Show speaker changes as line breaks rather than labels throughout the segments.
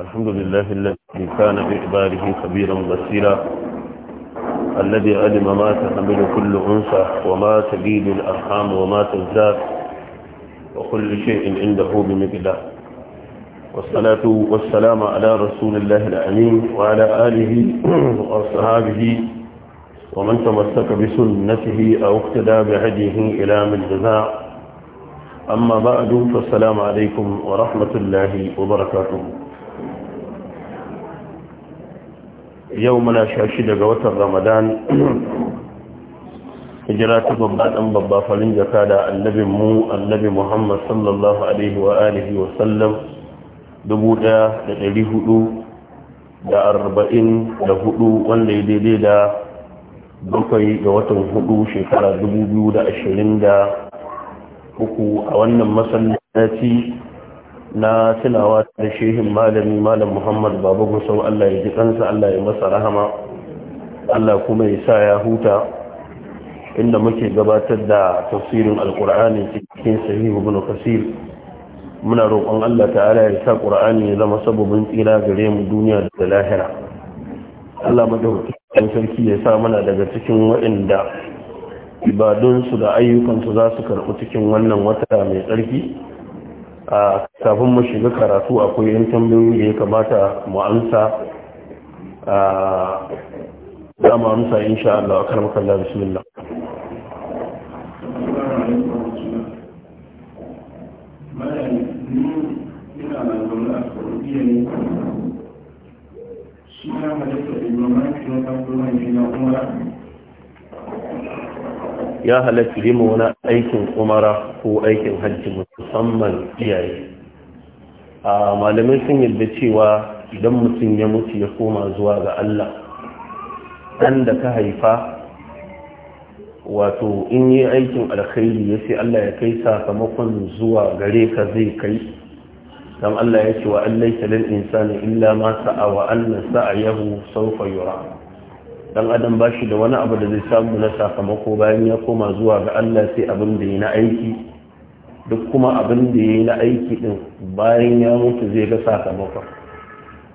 الحمد لله الذي كان بإعباره خبيرا بصيرا الذي علم ما تحمل كل أنثى وما تجيد الأرحام وما تزداد وكل شيء عنده بمقدار والصلاة والسلام على رسول الله الأمين وعلى آله وأصحابه ومن تمسك بسنته أو اقتدى بهديه إلى من جزاء أما بعد فالسلام عليكم ورحمة الله وبركاته yau muna sha shi daga watan ramadan hijira ta babba ɗan babba farin jaka da annabin mu annabi muhammad sallallahu alaihi wa alihi wa sallam dubu ɗaya da ɗari hudu da arba'in da hudu wanda ya daidai da bakwai ga watan hudu shekara dubu biyu da ashirin da uku a wannan masallaci na tunawa da shehin malami malam muhammad babu gusau allah ya ji kansa allah ya masa rahama allah kuma ya sa ya huta inda muke gabatar da tafsirin alkur'ani cikin sahihu ibn kasir muna roƙon allah ta'ala ya sa qur'ani ya zama sabobin tsira gare mu duniya da lahira allah madaukakin sarki ya sa mana daga cikin waɗanda ibadunsu da ayyukansu za su karɓi cikin wannan wata mai tsarki a kafin mu shiga karatu akwai yan tambayoyi da ya kamata mu amsa za mu amsa insha Allah akan makalla bismillah shi na halitta da mamaki na kafin mai na umara ya halatta yi wani aikin umara ko aikin hajji musamman iyaye a malamai sun yadda cewa idan mutum ya mutu ya koma zuwa ga Allah ɗan da ka haifa wato in yi aikin alkhairi ya ce Allah ya kai sakamakon zuwa gare ka zai kai don Allah ya ce wa Allah ya insani illa ma sa'a wa annan sa'a yahu saufa yura dan adam ba shi da wani abu da zai samu na sakamako bayan ya koma zuwa ga Allah sai abin da yi na aiki duk kuma abin da yi na aiki din bayan ya mutu zai ga sakamako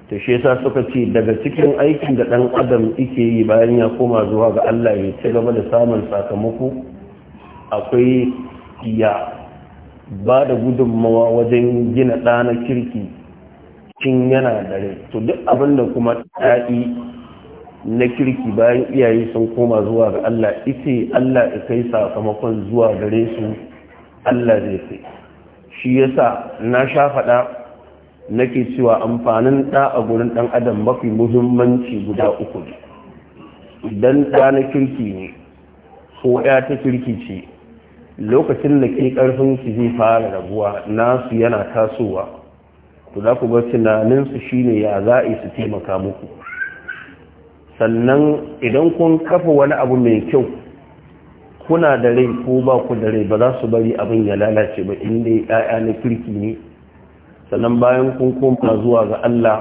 to shi yasa suka ce daga cikin aikin da dan adam yake yi bayan ya koma zuwa ga Allah ya ci gaba da samun sakamako akwai ya ba da gudunmawa wajen gina ɗana kirki cin yana dare to duk abin kuma ɗa'i na kirki bayan iyaye sun koma zuwa ga Allah ita Allah ya kai sakamakon zuwa gare su Allah zai kai shi yasa na sha faɗa nake cewa amfanin ɗa a gurin ɗan adam mafi muhimmanci guda uku ne idan ɗa na kirki ne ko ya ta kirki ce lokacin da ke ƙarfin ki zai fara rabuwa nasu yana tasowa to za ku ga tunaninsu shine ya za'i su taimaka muku sannan idan kun kafa wani abu mai kyau kuna da rai ko ba ku da rai ba za su bari abin ya lalace ba inda ya ɗaya na kirki ne sannan bayan kun koma zuwa ga Allah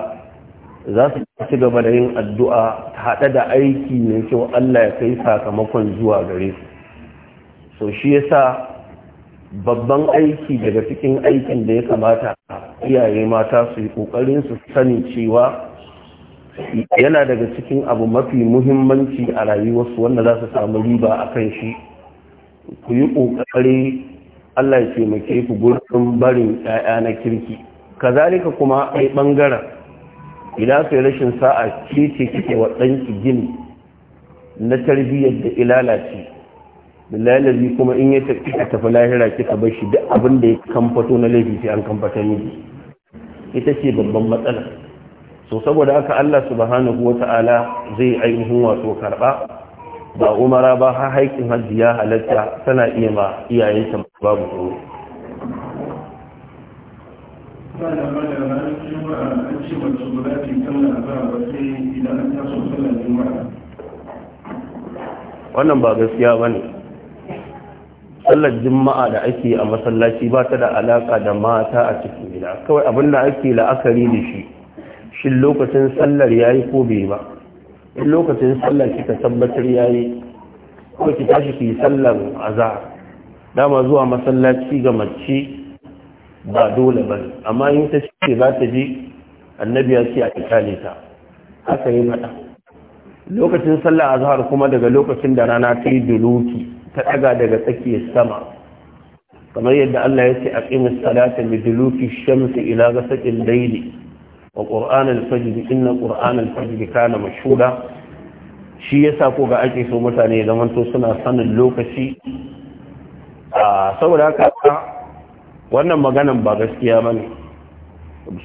za su ci gaba da yin addu'a ta haɗa da aiki mai kyau Allah ya kai sakamakon zuwa gare su so shi ya sa babban aiki daga cikin aikin da ya kamata iyaye mata su yi ƙoƙarin su sani cewa yana daga cikin abu mafi muhimmanci a rayuwarsu wanda za su samu riba a kan shi ku yi ƙoƙari allah ya taimake ku gurbin barin 'ya'ya na kirki kazalika kuma ai ɓangaren idan sai rashin sa'a ce ce kike wa ɗanki gini na tarbiyyar da ilalace billahi kuma in ya tafi lahira kika bar shi duk abin da ya kamfato na laifi sai an kamfata miki ita ce babban matsala to saboda aka Allah subhanahu ta'ala zai ainihin wato karba ba umara ba har haikin hajji ya halatta tana iya ma iyayenta babu tsoro wannan ba gaskiya ba ne sallar juma'a da ake a masallaci ba ta da alaka da mata a cikin gida kawai abin da ake la'akari da shi shi lokacin sallar ya yi ko bai ba in lokacin sallar kika tabbatar ya yi ko ki tashi ki yi sallar azahar dama zuwa masallaci ga mace ba dole ba amma in ta ce za ta ji annabi ya ce a ne ta haka yi mata lokacin sallar azhar kuma daga lokacin da rana ta yi duluki ta daga daga tsakiyar sama kamar yadda Allah ya ce a qimis salata bi duluki shamsu ila ghasaqil daidai? wa qur'an al-fajr inna qur'an al shi yasa ko ga ake so mutane zaman to suna sanin lokaci a saboda haka wannan maganan ba gaskiya bane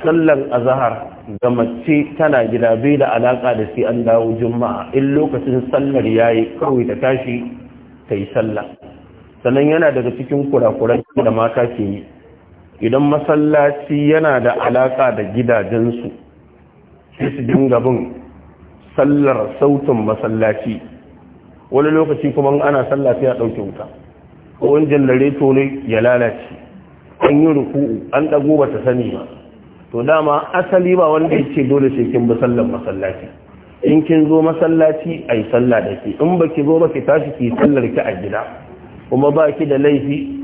Sallar azahar ga mace tana gida bai da alaka da sai an dawo juma'a in lokacin sallar yayi kawai ta tashi ta yi sallah sannan yana daga cikin kurakuran da mata ke yi idan masallaci yana da alaƙa da gidajensu sai su dinga bin sallar sautin masallaci wani lokaci kuma ana sallafi a ɗauke wuta ko janareto ne ya lalace an yi ruku'u an ɗago ba ta sani ba to dama asali ba wanda ya ce dole sai kin bi sallar masallaci in kin zo masallaci ai sallah da ke in baki zo ba ki tashi ki sallar ki a gida kuma ba ki da laifi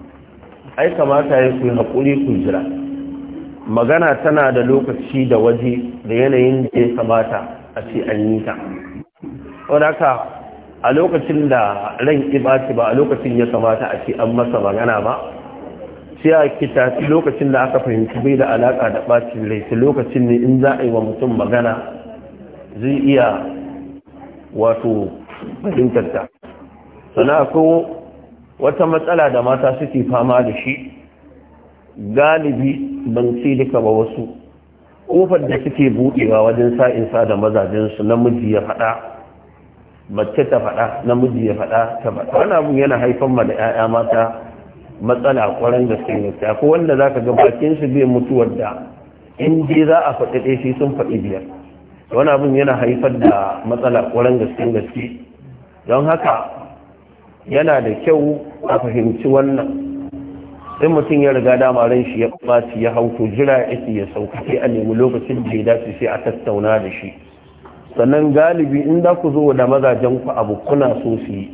ai kamata ya ku haƙuri ku jira magana tana da lokaci da waje da yanayin da ya kamata a ce an yi ta wadaka a lokacin da ran ibaci ba a lokacin ya kamata a ce an masa magana ba sai a kita lokacin da aka fahimci bai da alaka da bacin rai lokacin ne in za a yi wa mutum magana zai iya wato fahimtar ta sana ko wata matsala da mata suke fama da shi galibi ban ce duka ba wasu ƙofar da suke buɗewa wajen sa'insa da mazajensu namiji ya faɗa mace ta faɗa namiji ya faɗa ta faɗa wani abu yana haifar ma da 'ya'ya mata matsala kwarin da suke yi ko wanda za ka ga su bai mutuwar da in je za a faɗi ɗaya shi sun faɗi biyar wani abin yana haifar da matsala kwarin da suke gaske don haka yana da kyau a fahimci wannan sai mutum ya riga dama ran shi ya ɓaci ya hau to jira ƙi ya sauka sai a nemi lokacin da ya dace sai a tattauna da shi sannan galibi in za ku zo da mazajen ku abu kuna so su yi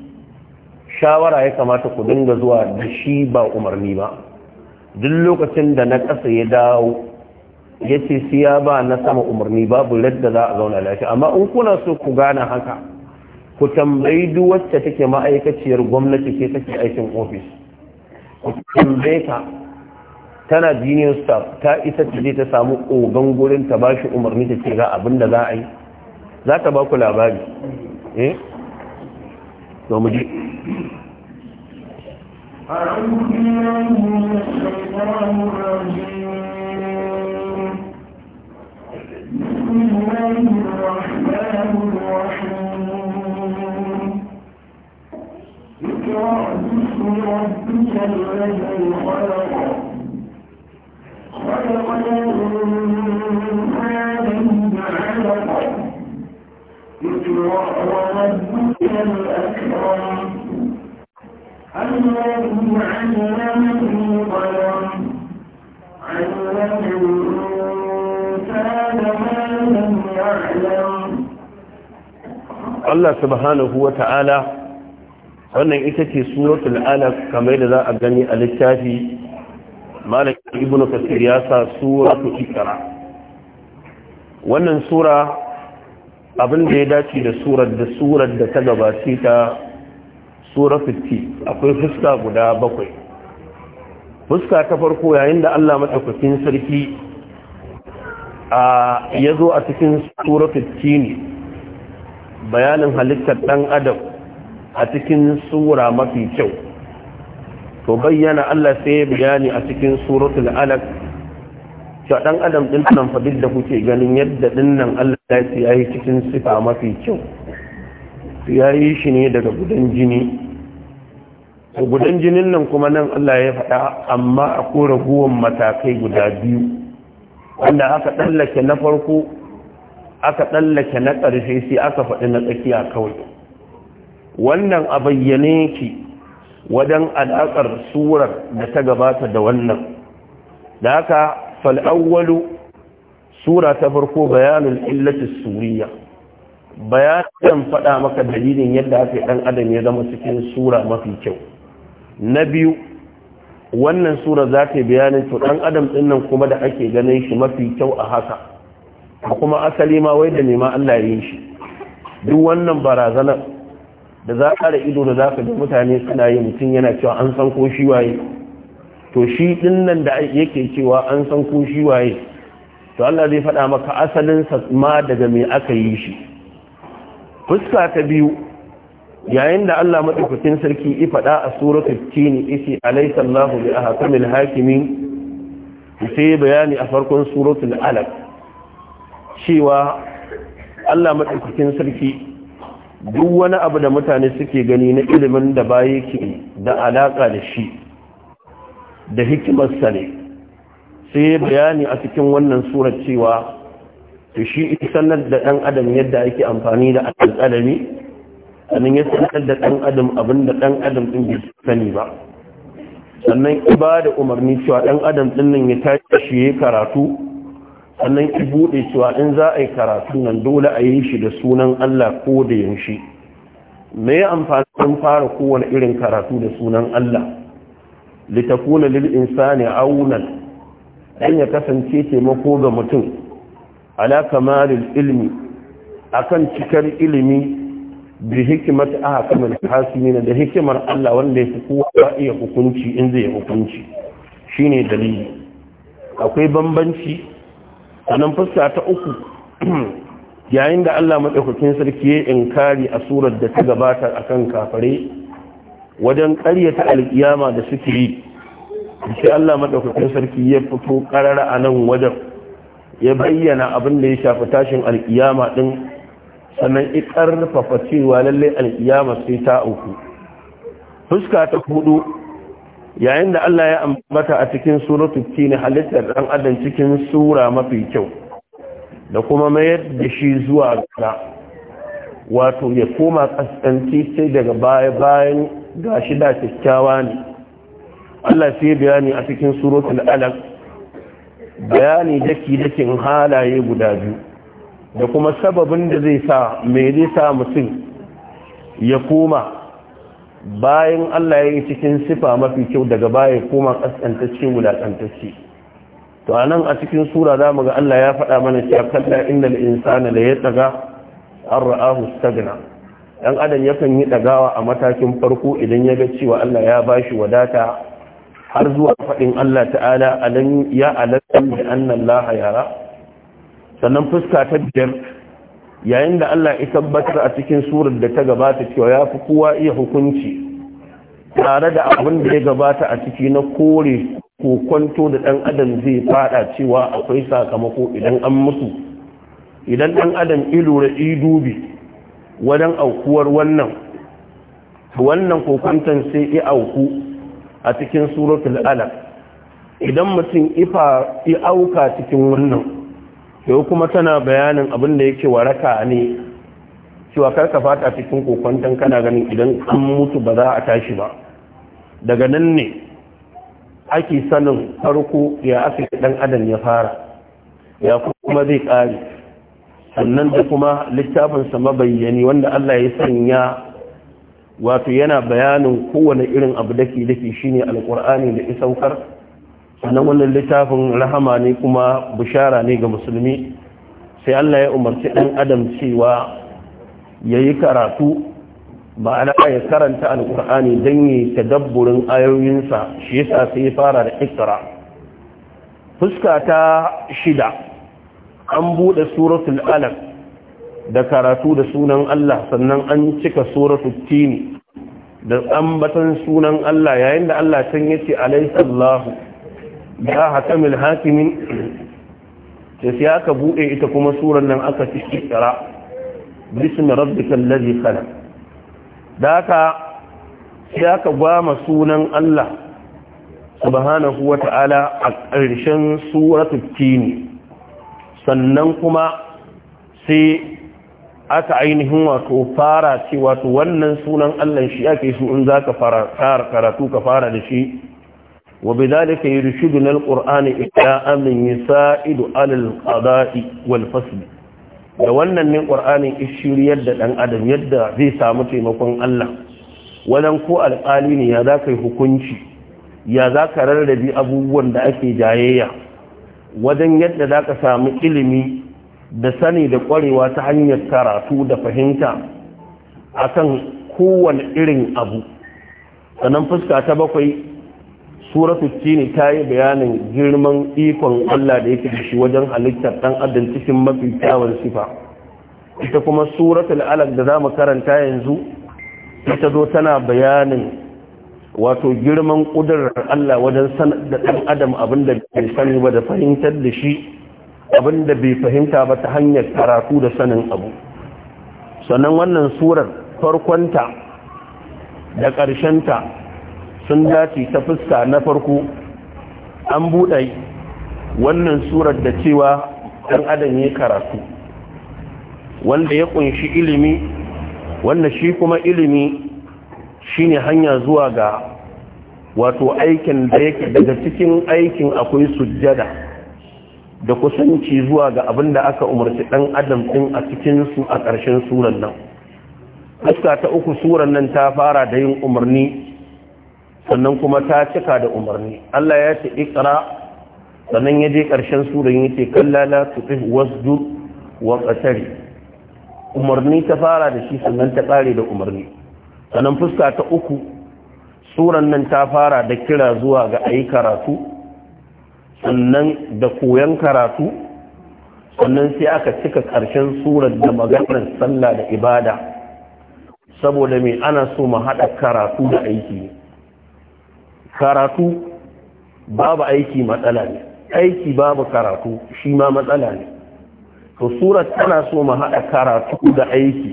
shawara ya kamata ku dinga zuwa da shi ba umarni ba duk lokacin da na ƙasa ya dawo ya ce siya ba na sama umarni babu yadda za a zauna lafiya amma in kuna so ku gane haka ku tambayi duk wacce take ma'aikaciyar gwamnati ke take aikin ofis ku tambaye ka tana junior staff ta isa ta je ta samu ogan gurin ta ba shi umarni ta ce ga abin da za a yi za ta ba ku labari eh mu je أعوذ بالله من الشيطان الرجيم بسم الله الرحمن الرحيم اقرأ باسم الذي خلق خلق الأكرم الذي علم علم ما لم يعلم الله سبحانه وتعالى wannan ita ce suratul alaq kamar da za a gani a littafi malik ibnu kasir ya sa suratul ikra wannan sura abin da ya dace da surar da surar da ta gabace ta sura 50 akwai fuska guda bakwai fuska ta farko yayin da Allah madaukakin sarki a yazo a cikin sura 50 bayanin halittar dan adam a cikin sura mafi kyau to bayyana Allah sai ya bayani a cikin suratul alaq cewa dan adam din nan fa da kuke ganin yadda din nan Allah ya ce yayi cikin sifa mafi kyau yayi shi ne daga gudan jini gudan jinin nan kuma nan Allah ya faɗa amma akwai raguwan matakai guda biyu wanda aka dallake na farko aka tsallake na ƙarshe sai aka faɗi na tsakiya kawai wannan a bayyane ki wadan alaƙar surar da ta gabata da wannan da haka fal'awwalu sura ta farko bayanin illatis suriya bayanin faɗa maka dalilin yadda aka yi ɗan adam ya zama cikin sura mafi kyau na biyu wannan sura za ta yi bayanin to ɗan adam ɗinnan kuma da ake ganin shi mafi kyau a haka kuma asali ma wai da nema Allah ya yi shi duk wannan barazanar da za ido da za ka ji mutane suna yi mutum yana cewa an san ko shi waye to shi din nan da yake cewa an san ko shi waye to Allah zai faɗa maka asalin sa ma daga me aka yi shi fuska ta biyu yayin da Allah madaukakin sarki ya faɗa a suratul tin isi alaysa Allahu bi ahkamil hakimin sai bayani a farkon suratul alaq cewa Allah madaukakin sarki duk wani abu da mutane suke gani na ilimin da ba yake da alaƙa da shi da hikimarsa ne sai bayani a cikin wannan surar cewa to shi sanar da ɗan adam yadda ake amfani da alƙalami sannan ya sanar da ɗan adam abin da ɗan adam ɗin bai sani ba sannan ba da umarni cewa ɗan adam ɗin nan ya tashi ya karatu sannan ki buɗe cewa in za a yi karatu nan dole a yi shi da sunan Allah ko da yaushe me ya amfanin fara kowane irin karatu da sunan Allah litakuna lil insani aunan dan ya kasance taimako ga mutum ala kamalil ilmi akan cikar ilimi bi hikimat ahkamul hasimin da hikimar Allah wanda yake kowa ba iya hukunci in zai hukunci shine dalili akwai bambanci sannan fuska ta uku yayin da Allah madaukakin sarki ya inkari a surar da ta gabata akan kafare wajen ƙaryata alkiyama da suke yi sai Allah madaukakin sarki ya fito karara a nan wajen ya bayyana abin da ya shafi tashin alkiyama ɗin, sannan ya cewa lallai alƙiyama sai ta uku fuska ta hudu yayin da Allah ya ambata a cikin suratul tin halittar dan adam cikin sura mafi kyau da kuma mayar da shi zuwa ga wato ya koma kaskanci sai daga baya bayan shi da kyakkyawa ne Allah sai bayani a cikin suratul alaq bayani daki dakin halaye guda biyu da kuma sababin da zai sa me zai sa mutum ya koma bayan Allah ya yi cikin sifa mafi kyau daga baya koma kaskantacce wulakantacce to a nan a cikin sura zamu ga Allah ya faɗa mana cewa kalla innal insana la yataga an ra'ahu stagna dan adam yakan yi dagawa a matakin farko idan ya ga cewa Allah ya bashi wadata har zuwa faɗin Allah ta'ala alan ya alan bi anna Allah yara sannan fuska ta biyar yayin da Allah ya tabbatar a cikin surar da ta gabata cewa ya fi kowa iya hukunci tare da abin da ya gabata a ciki na kore ko kwanto da ɗan adam zai fada cewa akwai sakamako idan an mutu idan ɗan adam ilura idubi wajen aukuwar wannan wannan kokwanton sai ya auku a cikin suratul alaq idan mutum ifa ya auka cikin wannan yau kuma tana bayanin abin da yake waraka ne cewa karka fata cikin kokwantan kana ganin idan an mutu ba za a tashi ba daga nan ne ake sanin farko ya aka dan adam ya fara ya kuma zai kare sannan da kuma littafinsa mabayyani wanda Allah ya sanya wato yana bayanin kowane irin abu dake dake shine alkur'ani da isaukar sannan wannan littafin rahama ne kuma bishara ne ga musulmi sai Allah ya umarci ɗan adam cewa ya yi karatu ba ya karanta alƙur'ani don yi ta dabburin ayoyinsa shi yasa sai ya fara da ikra fuska ta shida an buɗe suratul alaq da karatu da sunan Allah sannan an cika suratul tini da ambatan sunan Allah yayin da Allah can yace alaysa Allahu da hakamil hakimin da sai ka buɗe ita kuma surar nan aka ci ƙira bismi rabbikan lazi khala da aka sai ka gwama sunan Allah subhanahu wa ta'ala a ƙarshen suratul tini sannan kuma sai aka ainihin wato fara ce wato wannan sunan Allah shi ake so in za ka fara karatu ka fara da shi وبذلك يرشدنا القرآن إلى أمن يسائد على القضاء والفصل da wannan ne ƙur'anin ishiriyar da ɗan adam yadda zai samu taimakon Allah Wajen ko alƙali ne ya za ka yi hukunci ya za ka rarrabe abubuwan da ake jayayya wajen yadda za ka samu ilimi da sani da ƙwarewa ta hanyar karatu da fahimta akan kowane irin abu sannan fuska ta bakwai suratul tini ta yi bayanin girman ikon Allah da yake da shi wajen halittar dan adam cikin mafi kyawun sifa ita kuma suratul alaq da zamu karanta yanzu ita zo tana bayanin wato girman kudurar Allah wajen sanar da dan adam abinda bai sani ba da fahimtar da shi abinda bai fahimta ba ta hanyar karatu da sanin abu sannan wannan surar farkonta da ƙarshenta sun dace ta fuska na farko an buɗe wannan surar da cewa ɗan adam ya karatu wanda ya ƙunshi ilimi wanda shi kuma ilimi shine hanya zuwa ga wato aikin da yake daga cikin aikin akwai sujjada da kusanci zuwa ga abin da aka umarci ɗan adam ɗin a cikinsu a ƙarshen surar nan fuska ta uku surar nan ta fara da yin umarni sannan kuma ta cika da umarni Allah ya ce ikra sannan ya je ƙarshen ya ce kallala tutih wasdu wa qatari umarni ta fara da shi sannan ta ƙare da umarni sannan fuska ta uku suran nan ta fara da kira zuwa ga ayi karatu sannan da koyan karatu sannan sai aka cika ƙarshen surar da maganar sallah da ibada saboda me ana so mu haɗa karatu da aiki karatu babu aiki matsala ne aiki babu karatu shi ma matsala ne to surat tana so mu haɗa karatu da aiki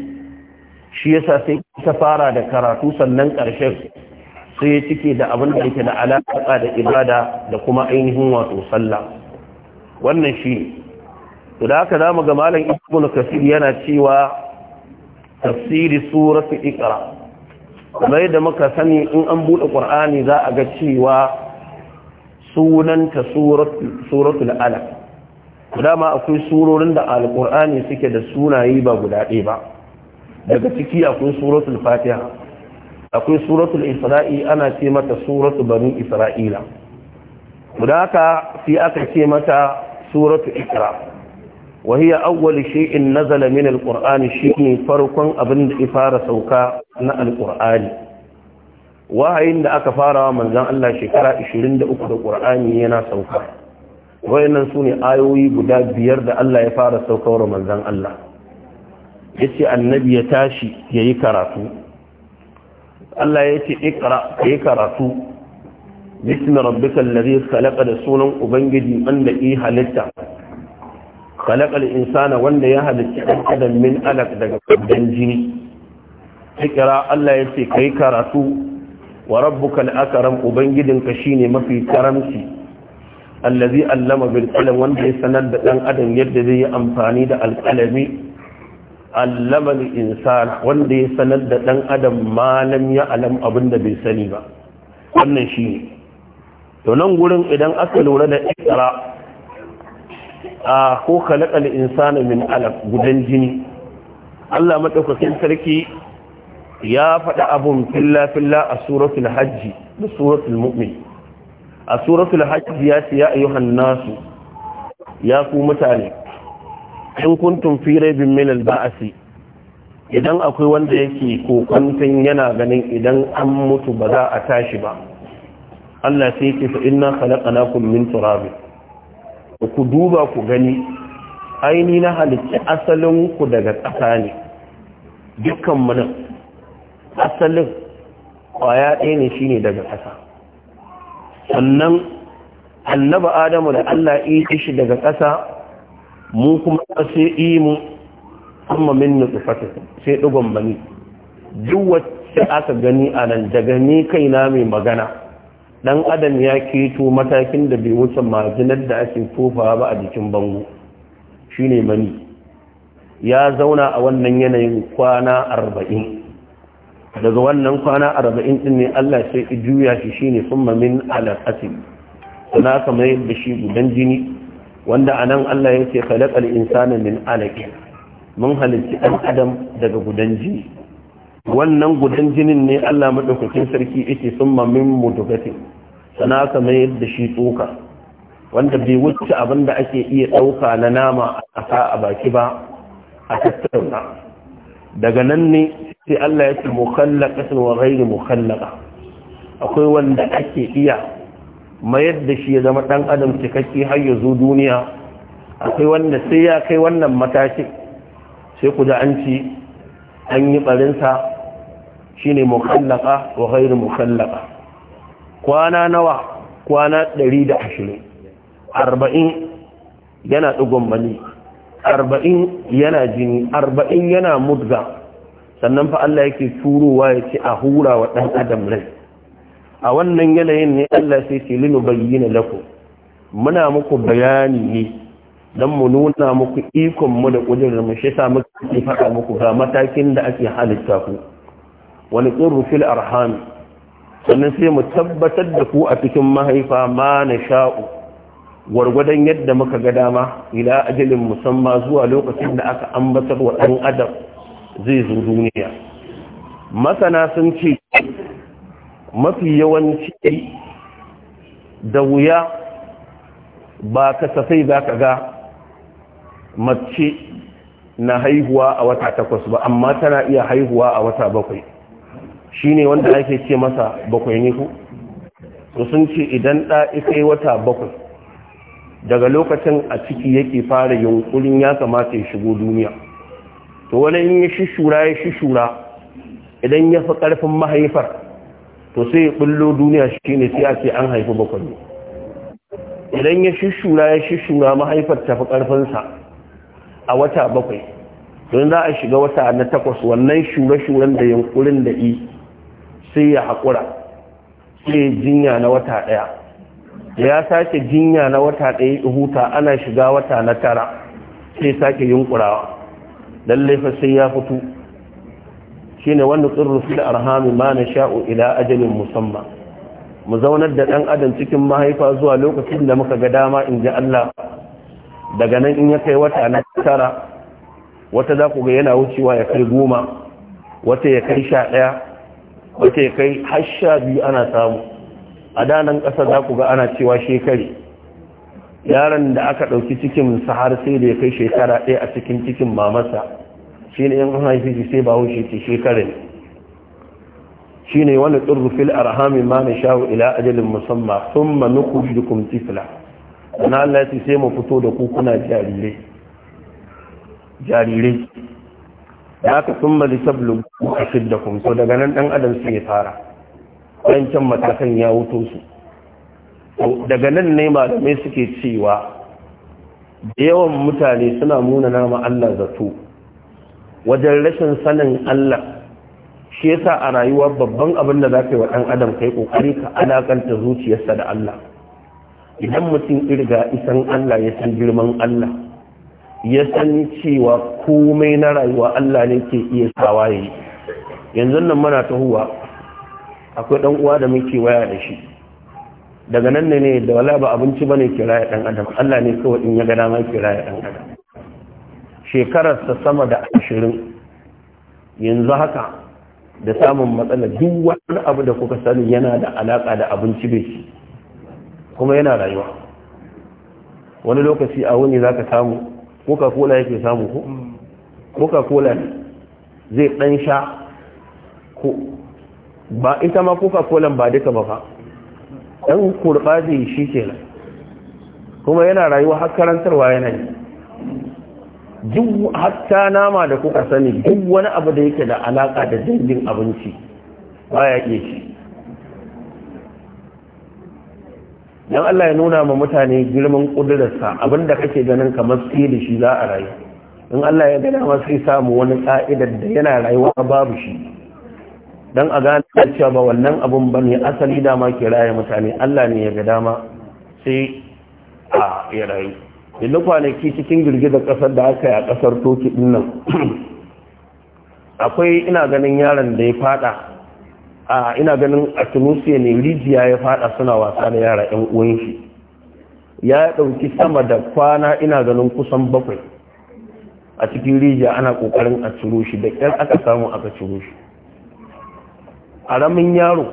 shi yasa sai ta fara da karatu sannan ƙarshen sai ya cike da abin da yake da alaƙa da ibada da kuma ainihin wato sallah wannan shi to da haka zamu ga malam ibnu kasir yana cewa tafsiri surati iqra kuma yadda muka sani in an buɗe ƙur'ani za a ga cewa sunanta suratul alaq dama akwai surorin da alƙur'ani suke da sunaye ba guda ɗaya ba daga ciki akwai suratul fatiha akwai suratul isra'i ana ce mata suratul bani isra'ila guda aka sai aka ce mata suratul isra'i وهي أول شيء نزل من القرآن شيء فرق أبن إفارة سوكا نا القرآن وعين دا أكفارة من ذا الله شكرا إشرين دا أكد القرآن ينا سوكا وإن سوني آيوي بدا بير دا الله يفارة سوكا ورمان ذا الله يسي النبي يتاشي يي كراتو الله يتي اقرأ يي كراتو بسم ربك الذي خلق رسولا أبنجد من لئي هلتا khalaqal insana wanda ya halarci dan adam min daga dan jini fikira Allah ya yace kai karatu wa rabbuka al-akram ubangidinka shine mafi karamci allazi allama bil qalam wanda ya sanar da dan adam yadda zai yi amfani da alqalami allama al insana wanda ya sanar da dan adam malam ya alam abinda bai sani ba wannan shine to nan gurin idan aka lura da ikra a ko kalakal insana min alaq gudan jini Allah madaukakin sarki ya faɗa abun filla filla a suratul hajji da suratul mu'min a suratul hajji ya ce ya ayyuhan nasu ya ku mutane in kuntum fi raibin min al idan akwai wanda yake kokwantin yana ganin idan an mutu ba za a tashi ba Allah sai yake fa inna khalaqnakum min turabin ku duba ku gani aini na halicci asalin ku daga ƙasa ne dukkan munan asalin ƙwaya ɗaya ne shine daga ƙasa sannan annaba adamu da Allah iya shi daga ƙasa mu kuma sai yi amma min nutsufata sai ɗigon bani duk wacce aka gani a nan daga ni kaina mai magana dan adam ya keto matakin da bai wuce majinar da ake tofa ba a jikin bango shine mani ya zauna a wannan yanayin kwana arba'in daga wannan kwana arba'in din ne Allah sai ya juya shi shine summa min alaqati kuma kamar yadda shi gudan jini wanda anan Allah yake khalaqal insana min alaq mun halicci dan adam daga gudan jini wannan gudan jinin ne Allah madaukakin sarki yake summa min mutugatin sana ka mayar da shi tsoka wanda bai wuce abin da ake iya ɗauka na nama a sa a baki ba a tattauna daga nan ne sai Allah ya ce mukallaqatun wa ghairu mukallaqa akwai wanda ake iya mayar da shi ya zama dan adam cikakke har ya zo duniya akwai wanda sai ya kai wannan mataki sai ku da an ci an yi barinsa shine mukallaka wa ghairu mukallaqa kwana nawa kwana 120 arba'in yana ɗigon mani arba'in yana jini arba'in yana mudga sannan fa Allah yake turowa ya ce a hura wa ɗan adam rai a wannan yanayin ne Allah sai ce linu bayyana laku muna muku bayani ne don mu nuna muku ikon mu da ƙudurin mu shi sa muka faɗa muku ga matakin da ake halitta ku wani tsirru fil arhami sannan sai mu tabbatar da ku a cikin mahaifa ma na sha'u gwargwadon yadda muka ga dama ila ajalin musamma zuwa lokacin da aka ambatar wa ɗan adam zai zo duniya masana sun ce mafi yawanci da wuya ba kasafai za ka ga mace na haihuwa a wata takwas ba amma tana iya haihuwa a wata bakwai Shi ne wanda ake ce masa bakwai ne ku to sun ce idan ɗa kai wata bakwai daga lokacin a ciki yake fara yunkurin ya kamata ya shigo duniya to wani in ya shishura ya shishura idan ya fi ƙarfin mahaifar to sai ya ɓullo duniya ne sai ake an haifi bakwai ne idan ya shishura ya shishura mahaifar ta fi ƙarfinsa a wata bakwai don za a shiga wata na takwas wannan shura shuren da yankulin da i sai ya haƙura sai ya jinya na wata ɗaya ya sake jinya na wata ɗaya huta ana shiga wata na tara sai sake yunkurawa Don fa sai ya fito Shi ne wani tsirru da arhami ma na sha'o ila ajalin musamman mu zaunar da ɗan adam cikin mahaifa zuwa lokacin da muka ga dama in ji Allah daga nan in ya kai wata na tara wata za ku ga yana wucewa ya kai goma wata ya kai sha ɗaya wace kai har biyu ana samu a danan ƙasa za ku ga ana cewa shekari yaron da aka ɗauki cikin har sai da ya kai shekara ɗaya a cikin cikin mamasa shi ne yan haifi shi sai ba wuce ce shekarin shi ne wani tsirrufil arhami ma na shawo ila ajalin musamman sun shi kun tifila na Allah sai mu fito da kukuna jarirai da aka sun mali sablu a so daga nan ɗan adam sai ya fara matakan ya wuto su daga nan ne malamai suke cewa da yawan mutane suna muna nama Allah zato wajen rashin sanin Allah shi yasa a rayuwa babban abin da za ka yi wa ɗan adam kai ƙoƙari ka alaƙanta zuciyarsa da Allah idan mutum irga isan Allah ya san girman Allah ya san cewa komai na rayuwa Allah ne ke iya sawa yanzu nan muna tahuwa akwai dan uwa da muke waya da shi daga nan ne da wala ba abinci bane kiraya dan adam Allah ne kawai in ya ga dama kiraya dan adam Shekarar sa sama da ashirin yanzu haka da samun matsala duk wani abu da kuka sani yana da alaka da abinci bai kuma yana rayuwa wani lokaci a wuni zaka samu coca cola yake samu ko mm. coca cola zai dan sha ko ba ita ma coca cola ba duka ba fa dan kurba zai shi la kuma yana rayuwa har karantarwa yana duk hatta nama da kuka sani duk wani abu da yake da alaƙa da dangin abinci baya iya ci don Allah ya nuna ma mutane girman ƙudurarsa abinda kake ganin kamar sai da shi za a rayu in Allah ya gada ma sai samu wani ƙa'idar da yana rayuwa babu shi don a gane cewa ba wannan abun ba ne asali dama ke raya mutane Allah ne ya ga dama sai a ya rayu yanzu kwanaki cikin girgizar ƙasar da aka yi a ƙasar toki ɗin nan akwai ina ganin yaron da ya fada a ina ganin a tunisia ne rijiya ya fada suna wasa da yara yan uwan shi ya dauki sama da kwana ina ganin kusan bakwai a cikin rijiya ana kokarin a ciro shi da kyar aka samu aka ciro shi A ramin yaro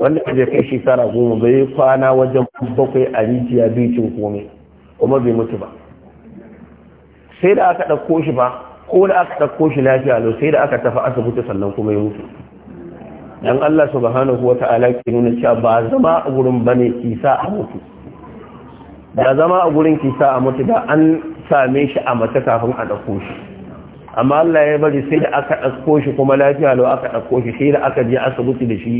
wanda aje kai shekara goma bai kwana wajen bakwai a rijiya biyu kome komai kuma bai mutu ba sai da aka ɗauko shi ba ko da aka ɗauko shi lafiya lau sai da aka tafi asibiti sannan kuma ya mutu dan Allah subhanahu wa ta'ala ke nuna cewa ba zama a gurin bane kisa a mutu da zama a gurin kisa a mutu da an same shi a mace kafin a dauko shi amma Allah ya bari sai da aka dauko shi kuma lafiya lo aka dauko shi sai da aka je asibiti da shi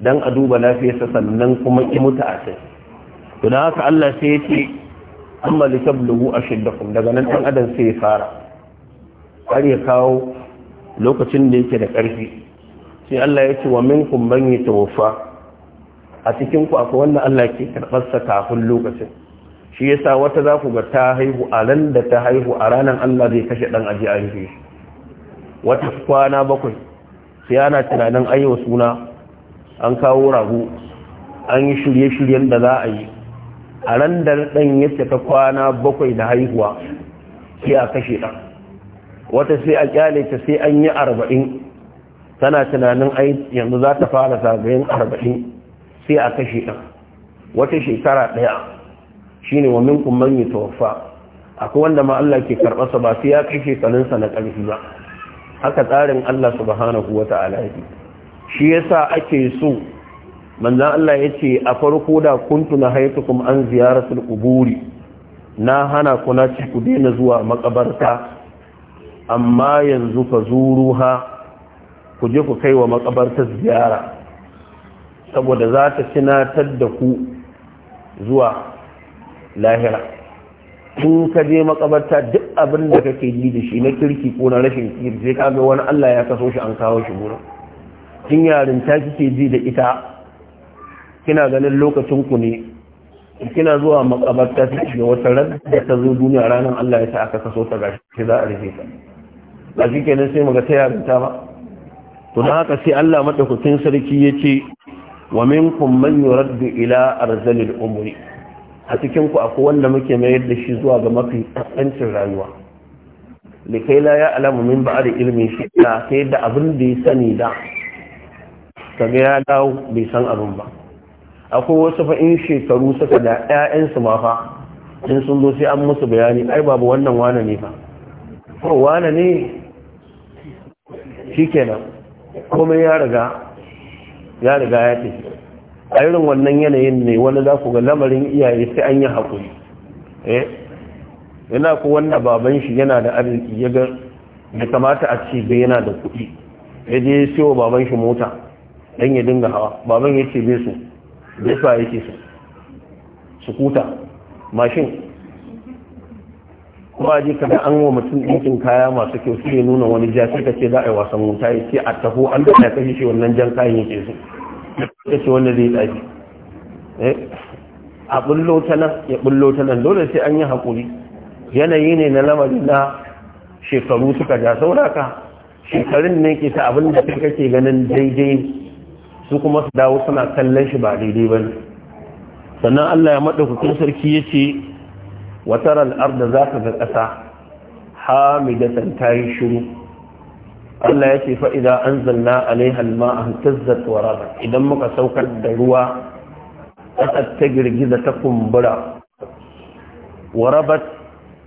dan a duba sa sannan kuma ki mutu a sai to dan haka Allah sai ya ce amma litabluhu ashiddakum daga nan dan adam sai ya fara har ya kawo lokacin da yake da karfi sai Allah ya ce wa minkum yi tawafa a cikin ku akwai wanda Allah ke karɓar sa kafin lokacin shi yasa wata za ku ga ta haihu a ran da ta haihu a ranar Allah zai kashe ɗan aji a rufe wata kwana bakwai sai ana tunanin wa suna an kawo rago an yi shirye-shiryen da za a yi a ran da ɗan ya cika kwana bakwai da haihuwa sai a kashe ɗan wata sai a kyale ta sai an yi arba'in tana tunanin ai yanzu za ta fara zagayen arba'in sai a kashe ɗan wata shekara ɗaya ne wa min kumman yi tawaffa akwai wanda ma Allah ke karɓarsa ba sai ya kai shekarunsa na ƙarfi ba haka tsarin Allah subhanahu wa ta'ala yake shi yasa ake so manzan Allah ya ce a farko da kuntu na kuma an ziyaratul kuburi na hana ku na ci ku daina zuwa makabarta amma yanzu fa zuruha ku je ku kai wa makabartar ziyara saboda za ta tunatar da ku zuwa lahira in ka je makabarta duk abin da kake yi da shi na kirki ko na rashin kirki sai ka ga wani Allah ya kaso shi an kawo shi gurin yarin yarinta kike ji da ita kina ganin lokacin ku ne kina zuwa makabarta ta ga wata ran da ta zo duniya ranar Allah ya sa aka kaso ta gashi za a rufe ta ba shi kenan sai ga ta yarinta ba to na haka sai Allah madaukakin sarki ya ce wa minkum man yuraddu ila arzalil umri a cikin ku akwai wanda muke mayar da shi zuwa ga mafi tsantsin rayuwa likai la ya alamu min ba'ar ilmi shi ta sai da abin da ya sani da kaga ya dawo bai san abin ba akwai wasu fa in shekaru saka da ƴaƴansu ma fa in sun zo sai an musu bayani ai babu wannan wane ne fa ko oh, wane ne shikenan komai ya riga ya riga ya ce a irin wannan yanayin ne wani za ku ga lamarin iyaye sai an yi haƙuri yana eh, ku wanda baban shi yana da arziki ya ga da kamata a ce bai yana da kuɗi ya je ya siyo baban shi mota dan ya dinga hawa baban ya ce bai su bai su yake su kuta mashin kuma je ka an wa mutum ɗinkin kaya masu kyau ne nuna wani ja sai ka ce za a yi wasan wuta ya ce a taho an da ya kashe shi wannan jan kayan yake so ya ce wanda zai tsaki eh, a bullo ta nan ya bullo ta nan dole sai an yi haƙuri yanayi ne na lamarin na shekaru suka ja sauraka shekarun ne ke ta abin da kai kake ganin daidai su kuma su dawo suna kallon shi ba daidai ba ne sannan allah ya maɗaukakin sarki ya ce watar al'arda za ka ga ƙasa hamidatan ta yi shiru Allah ya ce fa'ida an zanna alaihal ma'a tazzat warada idan muka saukar da ruwa ƙasar ta girgiza ta kumbura warabat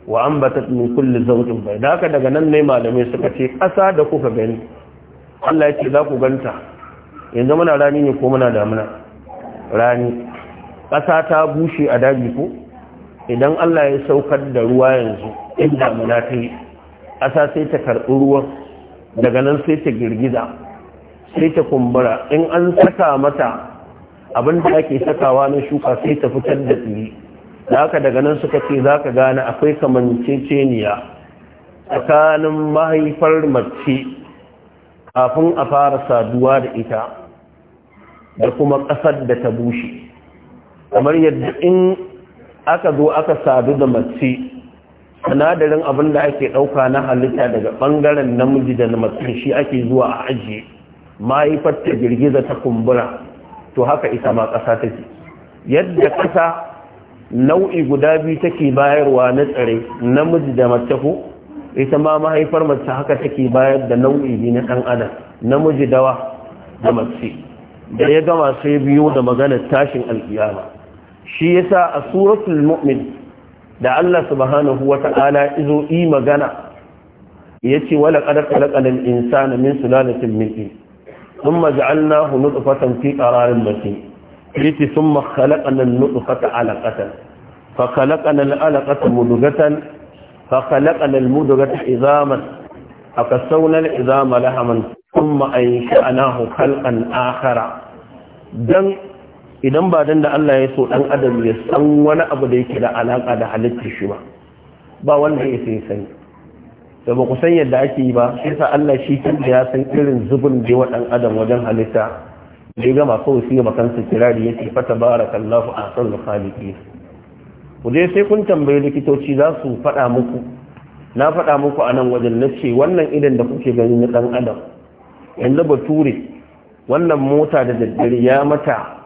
wa ambatat min kulli zawjin bai da haka daga nan ne malamai suka ce ƙasa da kuka gani Allah ya ce za ku ganta yanzu muna rani ne ko muna damuna rani ƙasa ta bushe a daji ko idan Allah ya saukar da ruwa yanzu in muna ta yi ƙasa sai ta karɓi ruwan daga nan sai ta girgiza sai ta kumbura in an saka mata abin da ake sakawa na shuka sai ta fitar da tsiri da haka daga nan suka ce za ka gane akwai kamanceceniya tsakanin mahaifar mace kafin a fara saduwa da ita da kuma ƙasar da ta bushe kamar yadda in aka zo aka sadu da mace sinadarin abin da ake ɗauka na halitta daga ɓangaren namiji da na mace shi ake zuwa a ajiye mahaifar ta girgiza ta kumbura to haka ita ma ƙasa take yadda ƙasa nau'i guda biyu take bayarwa na tsare namiji da mace ko ita ma mahaifar mace haka take bayar da nau'i biyu na ɗan adam namiji dawa da mace da ya gama sai biyu da maganar tashin alkiyama shi yasa a suratul mu'min da Allah subhanahu ta'ala izo yi magana ya ce wala qad khalaqal insana min sulalatin min tin thumma ja'alnahu nutfatan fi qararin matin sun ma khalaqal nutfata 'alaqatan fa khalaqal 'alaqata mudghatan fa khalaqal mudghata 'idhaman akasawna al-'idhama lahaman ثم أنشأناه خلقا آخر dan. idan ba dan da Allah ya so dan adam ya san wani abu da yake da alaka da halittar shi ba ba wanda ya sai sani da ba ku san yadda ake yi ba sai sa Allah shi kin da ya san irin zubin da wa dan adam wajen halitta da ya gama kawai sai makansa kirari yace fa tabarakallahu ahsanul khaliqin ku dai sai kun tambayi likitoci za su faɗa muku na faɗa muku a nan wajen na ce wannan idan da kuke gani na ɗan adam yanzu bature wannan mota da daddare ya mata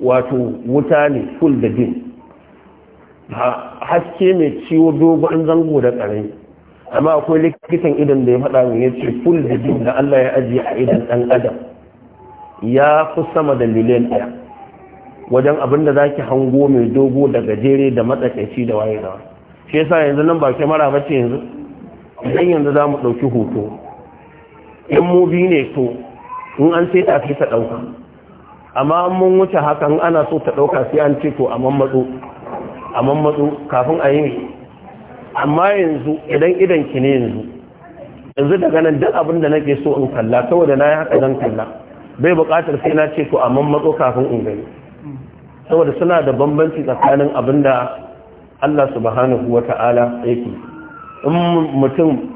wato wuta ne ful da din haske mai ciwo dogon zango da ƙarai amma akwai likitan idan da ya faɗa min ya ce ful da din da Allah ya ajiye a idan ɗan adam ya fi sama da miliyan ɗaya wajen abin da zaki hango mai dogo da gajere da matsakaici da waye da shi yasa yanzu nan ba kyamara ba ce yanzu idan yanzu za mu ɗauki hoto in mu ne to in an sai ta fi ta ɗauka amma mun wuce hakan ana so ta ɗauka sai an ce to a mammatsu kafin a yi ne amma yanzu idan idan ki ne yanzu yanzu daga nan duk abin da nake so in kalla saboda na yi haka zan kalla bai buƙatar sai na ce to a mammatsu kafin in gani saboda suna da bambanci tsakanin abin da Allah subhanahu wa ta'ala yake in mutum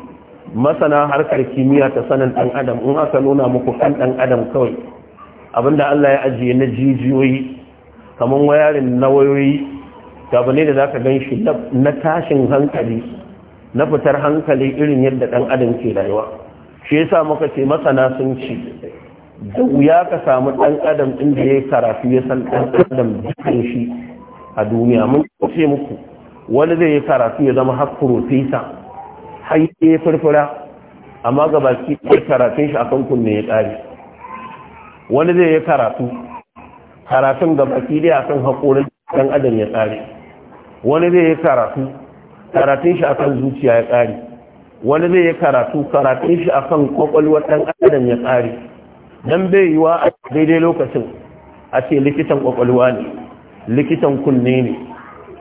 masana harkar kimiyya ta sanin ɗan adam in aka nuna muku kan ɗan adam kawai abinda Allah ya ajiye na jijiyoyi kamar wayarin na wayoyi abu da za ka gan shi na tashin hankali na fitar hankali irin yadda ɗan adam ke rayuwa shi yasa muka ce masana sun ci da wuya ka samu ɗan adam ɗin da ya karatu ya san ɗan adam jikin shi a duniya mun ce muku wani zai yi karatu ya zama har profesa har ya furfura amma ga baki karatun shi akan kunne ya ƙare wani zai yi karatu karatun ga baki dai akan haƙorin ɗan adam ya tsare wani zai yi karatu karatun shi akan zuciya ya tsare wani zai yi karatu karatun shi akan kwakwalwar ɗan adam ya tsare dan bai wa a daidai lokacin a ce likitan kwakwalwa ne likitan kunne ne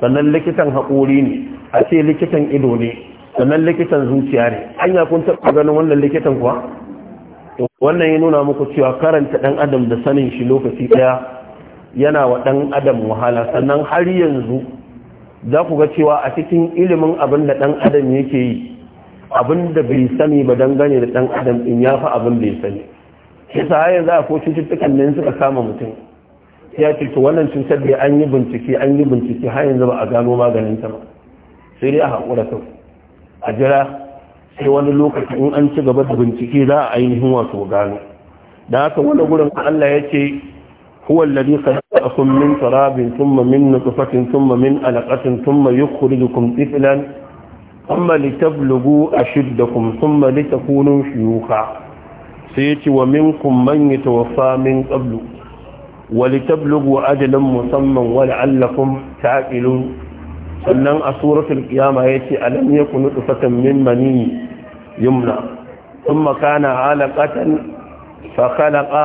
sannan likitan haƙori ne a ce likitan ido ne sannan likitan zuciya ne an ya kun taɓa ganin wannan likitan kuwa wannan ya nuna muku cewa karanta ɗan adam da sanin shi lokaci ɗaya yana wa ɗan adam wahala sannan har yanzu za ku ga cewa a cikin ilimin abin da dan adam yake yi abin da bai sani ba don gane da dan adam din ya fi abin bai sani shi sa za a ko cututtukan nan suka kama mutum ya ce to wannan cutar da an yi bincike an yi bincike har yanzu ba a gano maganin ta ba sai dai a haƙura kawai a jira sai wani lokaci in an ci gaba da bincike za a ainihin wato gano da haka wani gurin Allah ya ce huwa alladhi khalaqakum min turabin thumma min nutfatin thumma min alaqatin thumma yukhrijukum tiflan thumma litablughu ashuddakum thumma litakunu shuyukha sai ya ce wa minkum man yatawaffa min qablu wa litablugu ajalan musamman wa la'allakum ta'qilun sannan a suratul qiyama yace alam yakunu nutfatan min mani yumna thumma makana halakatan fa khalaqa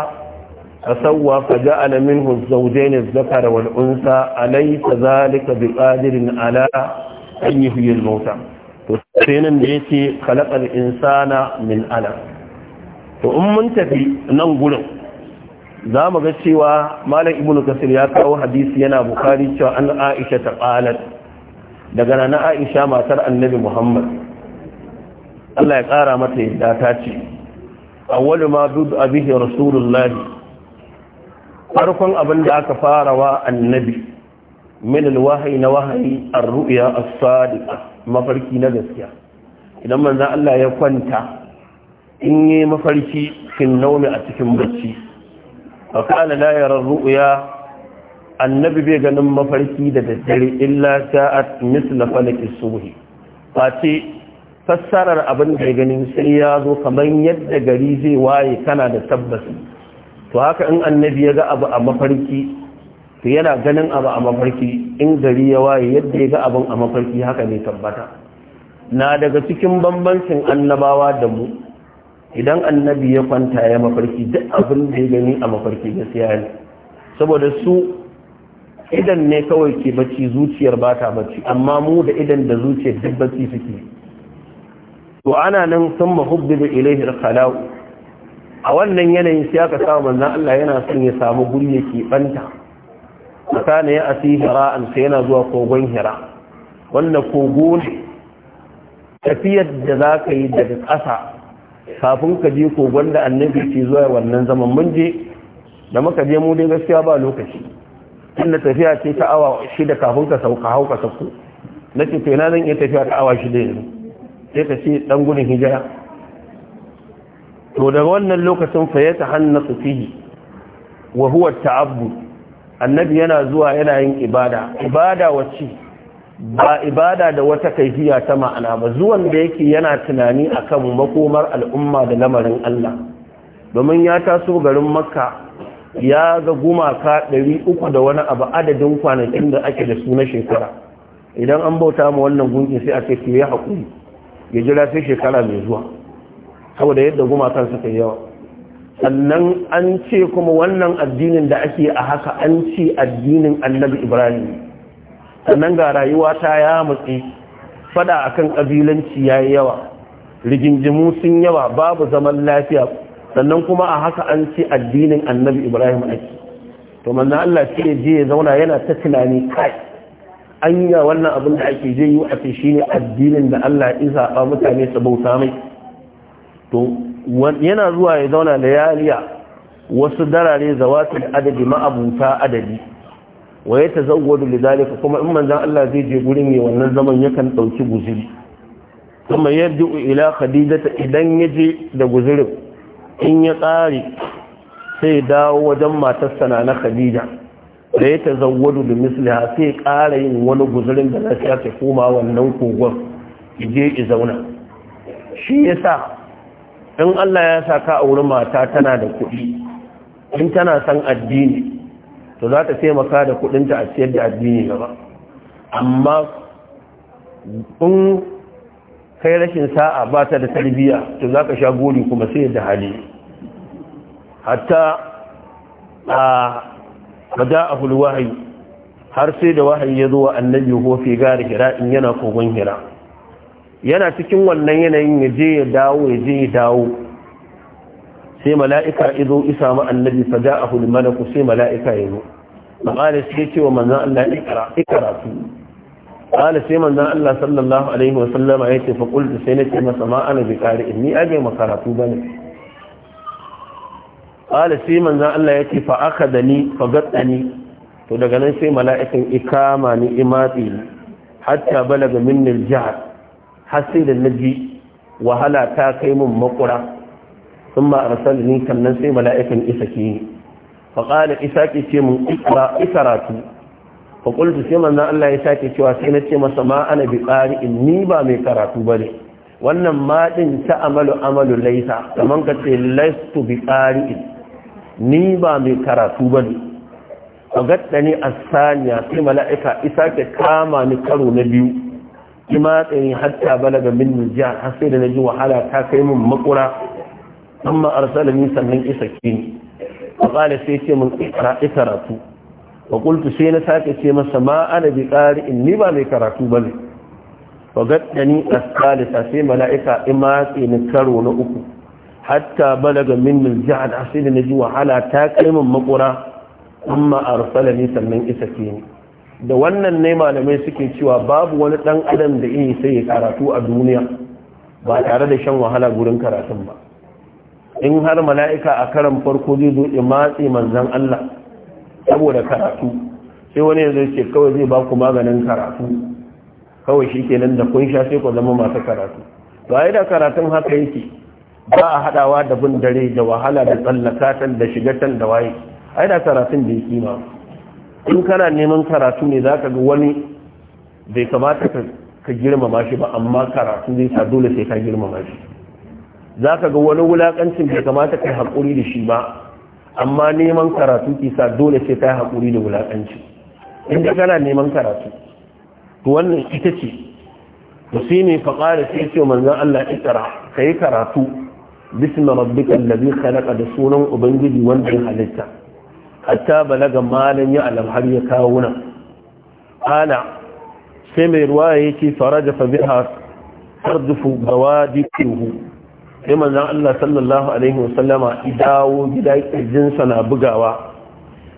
fasawwa faja'ala minhu az-zawjayn adh-dhakara wal-unsa alaysa dhalika biqadirin ala an yi al mota. to sai nan da yace khalaqal insana min ala. to in mun tafi nan gurin za mu ga cewa malam ibnu kasir ya kawo hadisi yana bukari cewa an aisha ta qalat daga na aisha matar annabi muhammad allah ya ƙara mata yadda ta ce wani ma dudu abihi rasulullahi farkon abin da aka fara wa annabi min wahayi na wahayi a ruya as-sadiqa mafarki na gaskiya idan manzan Allah ya kwanta in yi mafarki fin naumi a cikin bacci a kana la yara ruya annabi bai ganin mafarki da daddare illa sa'at misla falaki subhi Wace fassarar abin da ganin sai ya zo kamar yadda gari zai waye kana da tabbas to haka in annabi ya ga abu a mafarki to yana ganin abu a mafarki in gari ya waye yadda ya ga abin a mafarki haka ne tabbata na daga cikin bambancin annabawa da mu idan annabi ya kwanta ya mafarki duk abin da ya gani a mafarki gaskiya ne saboda su idan ne kawai ke bacci zuciyar ba ta bacci amma mu da idan da zuciyar duk bacci suke to ana nan sun mahubbi da ilaihi khala'u a wannan yanayin sai aka samu manzon Allah yana son ya samu guri ya banta kana ya asi an sai yana zuwa kogon hira wanda kogo ne tafiyar da za ka yi daga ƙasa kafin ka je kogon da annabi ke zuwa wannan zaman mun je da muka je mu dai gaskiya ba lokaci tunda tafiya ce ta awa shida kafin ka sauka hau ka sauko na ce tena zan iya tafiya ta awa shida yanzu sai ka ce dan gudun hijira to daga wannan lokacin fa ya ta hanna su fihi wa huwa ta'abbu annabi yana zuwa yana yin ibada ibada wacce ba ibada da wata kaifiya ta ma'ana ba zuwan da yake yana tunani akan makomar al'umma da lamarin Allah domin ya taso garin makka ya ga gumaka ɗari uku da wani abu adadin kwanakin da ake da su na shekara idan an bauta ma wannan gunkin sai a ce ki ya haƙuri ya jira sai shekara mai zuwa saboda yadda gumakan suka yi yawa sannan an ce kuma wannan addinin da ake a haka an ce addinin annabi ibrahim sannan ga rayuwa ta ya matsi fada akan kabilanci yayi yawa rigingimu sun yawa babu zaman lafiya sannan kuma a haka an ce addinin annabi ibrahim ake to manna allah ce je ya zauna yana ta tunani kai an yi wannan abin da ake je yi a ce ne addinin da allah ya zaɓa mutane su bauta mai to yana zuwa ya zauna da yariya wasu darare zawatul adadi ma'abuta adadi wa ya tazawwadu lidalika kuma in manzan Allah zai je gurin mai wannan zaman yakan dauki guzuri kuma yadda ila khadijata idan yaje da guzurin in ya tsari sai dawo wajen matarsa na na khadija da ya tazawwadu da misliha sai ƙara yin wani guzurin da zai ta koma wannan kogon je i zauna shi sa in Allah ya sa ka auri mata tana da kuɗi in tana san addini to za ta taimaka da kuɗinta a siyar da addini gaba amma in kai rashin sa'a ba ta da tarbiyya to za ka sha gori kuma sai da hali hatta a bada a hulwahi har sai da wahayi ya zo wa annabi ko fi gari hira in yana kogon hira yana cikin wannan yanayin ya je ya dawo ya je ya dawo sai mala'ika izo isa ma annabi fada a hulmanaku sai mala'ika ya zo maƙalis ya ce wa manzan Allah ikara ikara قال سيما أن الله صلى الله عليه وسلم أيتي فقلت سينتي ما سما أنا بقارئ إني أبي مكاراتو بني قال سيما أن الله يتي فأخذني فقطني فدقنا سي ملائكة إكاماني إماتي حتى بلغ مني الجهر حسيد النجي وهلا تاكيم مقرأ ثم أرسلني كمنا سي ملائكة إسكي فقال إساكي سيما إسراتي fa sai manzan Allah ya sake cewa sai na ce masa ma ana bi qari in ni ba mai karatu ne. wannan ma ta amalu amalu laisa kamar ka ce laistu bi qari ni ba mai karatu bane a saniya sai mala'ika isa ke kama ni karo na biyu kima tsayin hatta ga min jiya har sai da ji wahala ta kai min makura amma arsalani sannan isa kini qala sai ce min ikara ikratu wa qultu sai na sake ce masa ma ana bi in ni ba mai karatu bane wa gaddani a salisa sai mala'ika matse ni karo na uku hatta balaga min al a asili na ji wahala ta kai min makura amma arsalani sannan isa ce ni da wannan ne malamai suke cewa babu wani dan adam da yi sai ya karatu a duniya ba tare da shan wahala gurin karatun ba in har mala'ika a karan farko zai zo matse manzan Allah saboda karatu sai wani yanzu ce kawai zai ba ku maganin karatu kawai shi kenan da kun sha sai ku zama masu karatu ba da karatun haka yake ba a haɗawa da bin dare da wahala da tsallakatan da shigatan da waye ai da karatun da yake ma in kana neman karatu ne zaka ga wani bai kamata ka girmama shi ba amma karatu zai sa dole sai ka girmama shi zaka ga wani wulakancin bai kamata ka haƙuri da shi ba amma neman karatu ke sa dole sai ta haƙuri da wulaƙanci inda kana neman karatu to wannan ita ce to sai ne faƙari sai ce Allah ikra ka yi karatu bisma rabbika allazi khalaqa da sunan ubangiji wanda ya halitta hatta balaga malan ya alam har ya kawo nan ana sai mai ruwa yake faraja fa biha tardufu bawadi kuhu sai manzan Allah sallallahu alaihi wasallama dawo gida ƙirjinsa na bugawa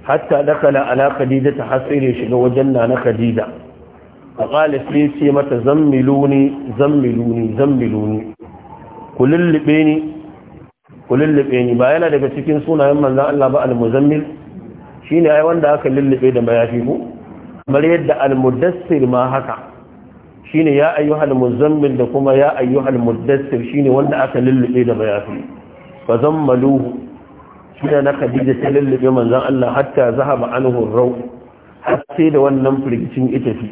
hatta dakala ala khadija ta hasire shiga wajen na na khadija a ƙala sai ce mata zammiluni zammiluni zammiluni ku lullube ni ku lullube ni ba yana daga cikin sunayen manzan Allah ba al-muzammil shine ai wanda aka lullube da mayafi ku kamar yadda al-mudassir ma haka shine ya ayyuhal muzammil da kuma ya ayyuhal muddassir shine wanda aka lullube da bayafi fa zammaluhu shine na Khadija ta lullube manzon Allah hatta zahaba anhu raw har da wannan firgicin ita fi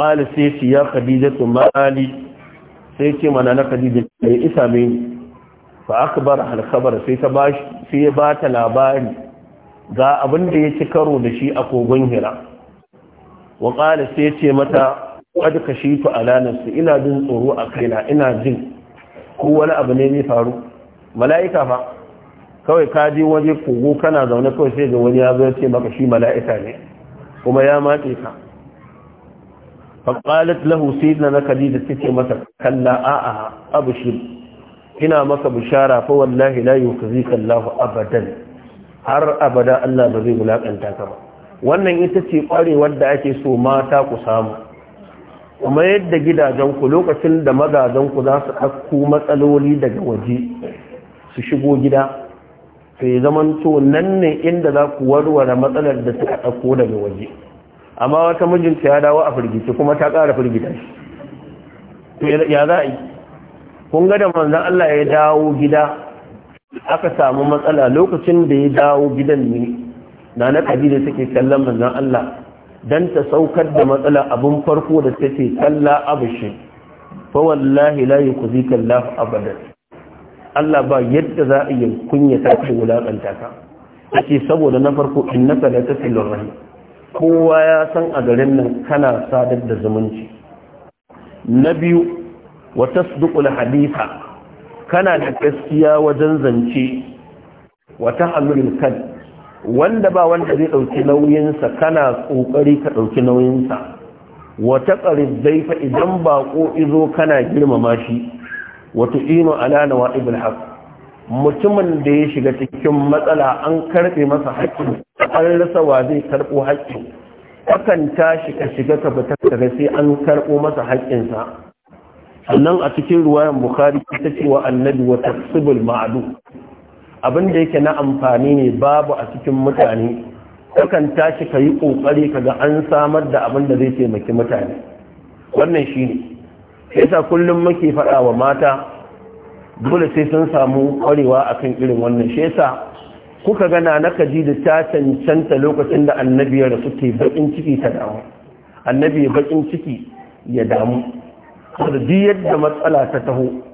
qala sai ya Khadija ma sai ce mana na Khadija ya isa me fa akbar al khabar sai ta bashi sai ya bata labari ga abin da ya ci karo da shi a kogon Hira wa qala sai ce mata qad kashitu ala nafsi ina jin tsoro a kaina ina jin ko wani abu ne zai faru mala'ika fa kawai ka je waje kogo kana zaune kawai sai ga wani ya zo ce maka shi mala'ika ne kuma ya matse ka فقالت له masa kalla. a Abu shi ina maka هنا Fa wallahi فوالله لا يخزيك الله abadan. har abada Allah ba zai wulakanta ka ba wannan ita ce kwarewar da ake so mata ku samu kuma yadda gidajenku lokacin da mazajenku za su ɗauko matsaloli daga waje su shigo gida sai zaman to nan ne inda za ku warware matsalar da suka ɗauko daga waje amma wata mijinta ya dawo a firgice kuma ta ƙara firgita shi ya za a yi kun ga da manzan Allah ya dawo gida aka samu matsala lokacin da ya dawo gidan ne na na kabila suke kallon manzan Allah dan ta saukar da matsala abin farko da take kalla abushi fa wallahi la yukhzika Allah abadan Allah ba yadda za a yi kunya ta ce wulakanta ka ce saboda na farko innaka la tasilur rahim kowa ya san a garin nan kana sadar da zumunci na biyu su tasduqul haditha kana da gaskiya wajen zance wata tahmilul kadh wanda ba wanda zai ɗauki nauyinsa kana ƙoƙari ka ɗauki nauyinsa wata ƙarin fa idan baƙo izo kana girmama shi wata ino alana wa ibn haq mutumin da ya shiga cikin matsala an karɓe masa haƙƙin an rasa wa zai karɓo haƙƙin akan tashi ka shiga ka fita daga sai an karɓo masa haƙƙinsa sannan a cikin ruwayan bukhari ta cewa annabi wa tasbil ma'du abin da yake na amfani ne babu a cikin mutane kakan tashi ka yi ƙoƙari ka ga an samar da abin da zai taimaki mutane wannan shi ne yasa kullum muke faɗa wa mata dole sai sun samu ƙwarewa akan irin wannan shi yasa kuka gana na kaji da ta cancanta lokacin da annabi ya rasu ta baƙin ciki ta damu annabi ya baƙin ciki ya damu duk yadda matsala ta taho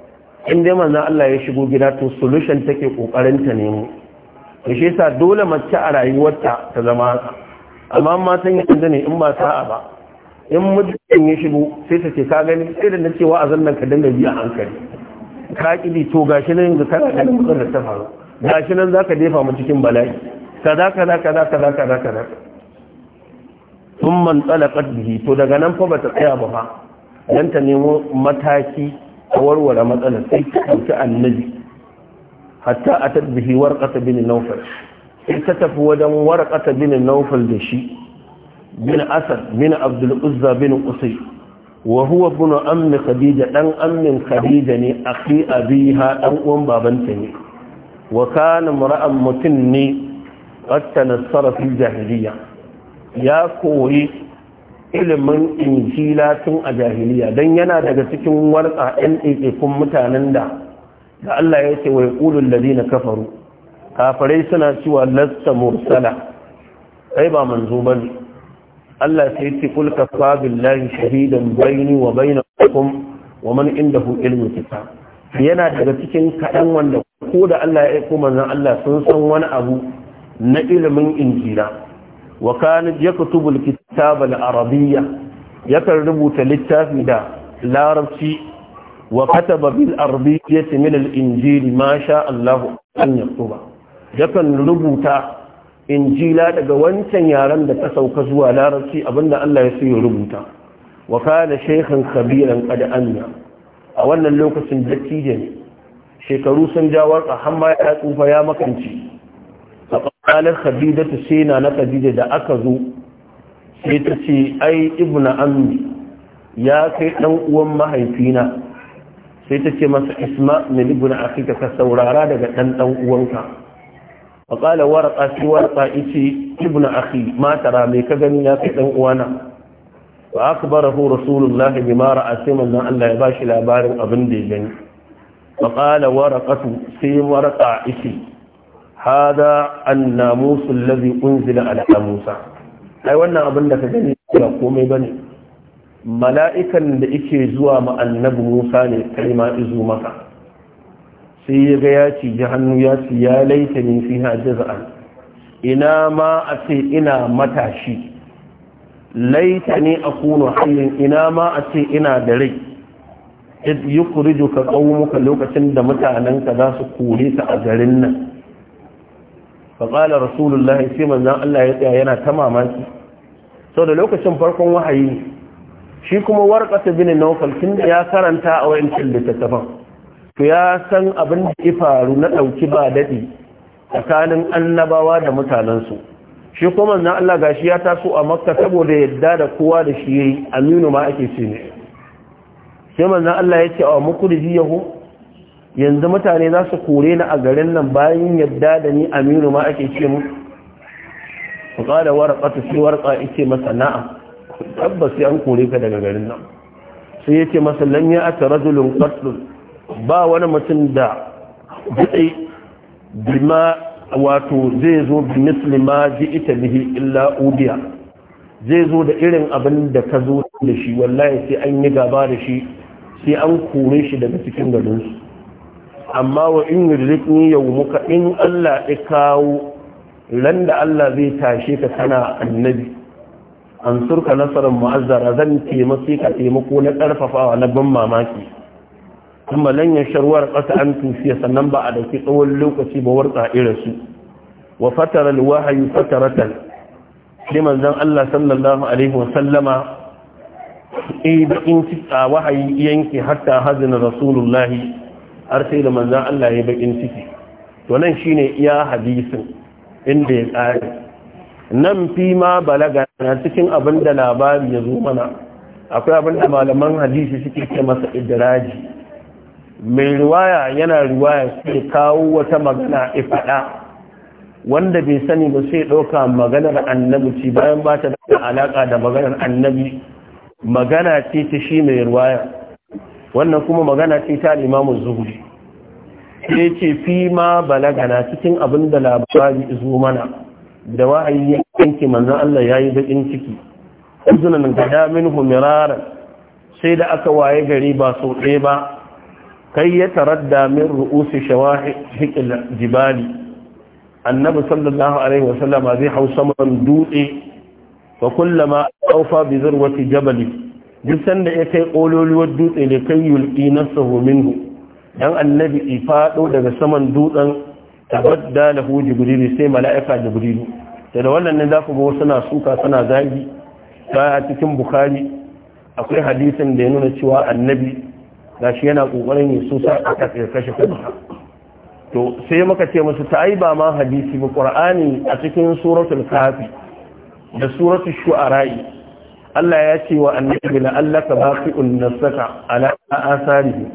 in dai manzan Allah ya shigo gida to solution take kokarin ta nemo to shi yasa dole mace a rayuwarta ta zama haka amma san yanzu ne in ba sa'a ba in mutum ya shigo sai ta ce ka gani sai da na cewa a zannan ka dinga biya hankali ka kidi to gashi nan yanzu kana da mutum da ta faru gashi nan zaka jefa mu cikin bala'i kaza kaza kaza kaza kaza kaza sun man tsalakat bihi to daga nan fa bata tsaya ba fa dan ta nemo mataki a warware matsalar sai ta ɗauki annabi hatta a tabbihi warƙata bin naufal sai ta tafi wajen warƙata bin naufal da shi bin asad bin abdul uzza bin usai wa huwa bin ammi khadija dan amnin khadija ne akhi abiha dan uwan babanta ne wa kana mar'an mutun ne qad tanassara fil jahiliya ya koyi ilimin injila tun a jahiliya don yana daga cikin warsa 'yan ɗaiɗaikun mutanen da da Allah ya ce wai ƙulun da na kafaru kafarai suna cewa lasta mursala ai ba manzo ba ne Allah sai ce kulka kafa lahi shahidan baini wa bainakum wa man hu ilmu kitab yana daga cikin kaɗan wanda ko da Allah ya aiko manzon Allah sun san wani abu na ilimin injila wa kana yaktubu alkitab alarabiyya yakan rubuta littafi da larabci wa kataba bil arabiyyati min alinjili ma sha Allah an yaktuba yakan rubuta injila daga wancan yaren da ta sauka zuwa larabci abinda Allah ya so ya rubuta wa kana shaykhan kabiran qad anna a wannan lokacin dattijo ne shekaru sun jawar warka ya tsufa ya makanci qalat khadijatu sai na na khadija da aka zo sai ta ce ai Ibna ammi ya kai dan uwan mahaifina sai ta ce masa isma min Ibna akhika ka saurara daga dan dan uwanka wa qala warqa shi warqa ichi ibnu akhi ma tara me ka gani ya kai dan uwana wa akbarahu rasulullahi bima ra'a sima dan Allah ya bashi labarin abin da ya gani wa qala warqa sai warqa ichi hada annamusu allazi unzila ala musa ai wannan abin da ka gani ba komai bane mala'ikan da yake zuwa ma annabi musa ne kai ma izu maka sai ya ga ya ci hannu ya ci ya laita min fiha jaza'an ina ma a ce ina matashi laita ne a kuno hanyar ina ma a ce ina da rai yi kurijo ka muka lokacin da mutanenka za su kore ka a garin nan faƙalar rasulullah sai manzan Allah ya tsaya yana ta mamaki sau da lokacin farkon wahayi shi kuma warƙata bin naufal tun da ya karanta a wayancin littattafan to ya san abin da ya faru na ɗauki ba daɗi tsakanin annabawa da mutanensu shi kuma manzan Allah gashi ya taso a makka saboda yadda da kowa da shi yayi aminu ma ake ce ne sai manzan Allah ya ce a mukurji yahu yanzu mutane za su kore ni a garin nan bayan yadda da ni aminu ma ake ce mu su kada warka ta shi warka ake masa na'a tabbas an kore ka daga garin nan sai yace masa lan ya ata rajulun ba wani mutum da dai bima wato zai zo bi misli ma ji ita bihi illa udiya zai zo da irin abin da ka zo da shi wallahi sai an yi gaba da shi sai an kore shi daga cikin garinsu amma wa in yudrikni muka, in Allah ya kawo ran da Allah zai tashe ka tana annabi an surka nasarar mu'azzara zan taimaki ka taimako na karfafawa na ban mamaki kuma lan ya sharwar ƙasa an tusiya sannan ba a dauki tsawon lokaci ba warta irin su wa fatara alwahyi fataratan sai manzon Allah sallallahu alaihi wa sallama in eh, bakin wahayi yanke hatta hazina rasulullahi har sai da manzan Allah ya bakin ciki to nan shine iya hadisin inda ya tsari nan fi ma balaga na cikin abin da labari ya zo mana akwai abin da malaman hadisi suke ce masa idiraji mai riwaya yana riwaya suke kawo wata magana ifada wanda bai sani ba sai ɗauka maganar annabi ci bayan ba ta da alaƙa da maganar annabi magana ce ta shi mai riwaya wannan kuma magana ce ta limamu zuhuri sai ce fi ma balagana cikin abin da labari zo mana da wa'ayi ya yanki manzan Allah ya yi baƙin ciki uzunan gada min humiraran sai da aka waye gari ba sau ɗaya ba kai ya da min ru'usi shawahiqil jibali annabi sallallahu alaihi wasallama zai hau saman dutse fa kullama awfa bi zirwati jabali duk sanda ya kai ƙololuwar dutse da kai yulki na hu ɗan annabi ifaɗo daga saman dutsen tabadda lahu jibrilu sai mala'ika jibrilu da da wannan ne za ku ga suna suka suna zagi ta a cikin bukhari akwai hadisin da ya nuna cewa annabi shi yana ƙoƙarin ya susa a kashe kashe to sai muka ce musu ta ai ba ma hadisi ba ƙur'ani a cikin suratul kafi da suratul shu'ara'i Allah ya ce wa annabi la'allaka baqi'un nafsaka ala asarihi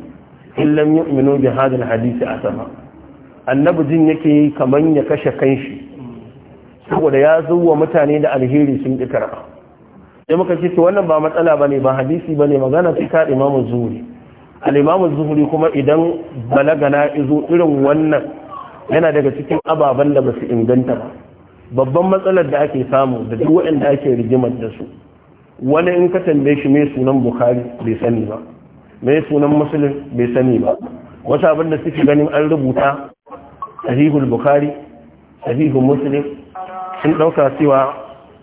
in lam yu'minu bi hadha asama annabi jin yake kaman ya kashe kanshi saboda ya wa mutane da alheri sun dikara sai muka ce to wannan ba matsala bane ba hadisi bane magana ce ta Imam Zuhri al-Imam Zuhri kuma idan balagana izo irin wannan yana daga cikin ababen da ba su inganta ba babban matsalar da ake samu da duk waɗanda ake rigimar da su wani in ka tambaye shi mai sunan bukhari bai sani ba mai sunan muslim bai sani ba wasu abin da suke ganin an rubuta sahihul bukhari sahihul muslim sun dauka cewa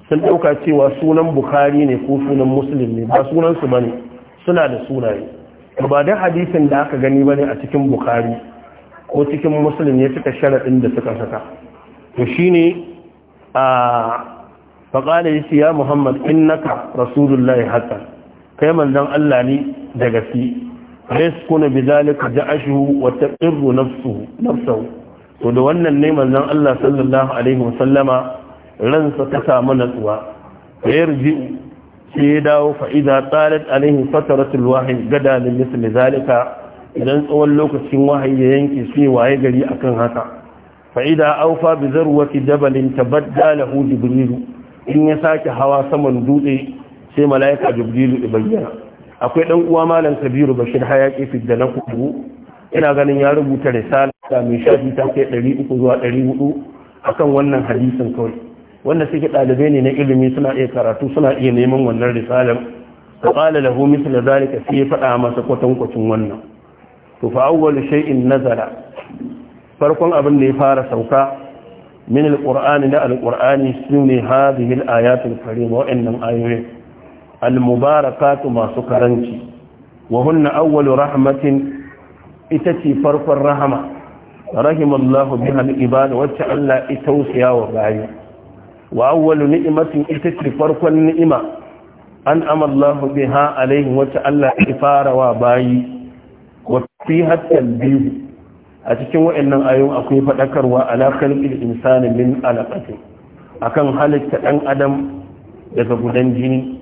sun dauka cewa sunan bukhari ne ko sunan muslim ne ba sunan su bane suna da sunaye ba da hadisin da aka gani bane a cikin bukhari ko cikin muslim ya cika sharadin da suka saka to shine a faƙala ya ya muhammad innaka rasulullahi haƙƙan kai manzon allah ne da gaske yaskuna ji ja'ashu wa taqirru nafsuhu nafsuhu to da wannan ne manzon Allah sallallahu alaihi wa sallama ransa ta samu natsuwa yarji sai ya dawo fa'ida idza alaihi fataratul wahayi gada li misli zalika idan tsawon lokacin wahayi ya yanke sai waye gari akan haka fa'ida idza awfa bi zarwati jabalin tabadda lahu jibril in ya sake hawa saman dutse sai mala'ika jibrilu ya bayyana akwai dan uwa malam kabiru bashir hayaki fi da na kudu ina ganin ya rubuta risala mai shafi ta kai 300 zuwa 400 akan wannan hadisin kawai wanda suke ɗalibai ne na ilimi suna iya karatu suna iya neman wannan risalar ta ƙala lahu misla zalika sai ya faɗa masa kwatankwacin wannan to fa awwal shay'in nazara farkon abin da ya fara sauka min alqur'ani na alqur'ani sune hadhihi alayatul karima wa'annan ayoyin almubarakatu masu karanci wa hunna awwalu rahmatin ita ce farkon rahama rahimallahu biha al-ibad wacce Allah ya tausaya wa bayi wa awwalu ni'matin ita ce farkon ni'ima an amallahu biha alaihim wacce Allah ya fara wa bayi wa biyu a cikin wa'annan ayoyin akwai faɗakarwa ala insani min a akan halitta ɗan adam daga gudan jini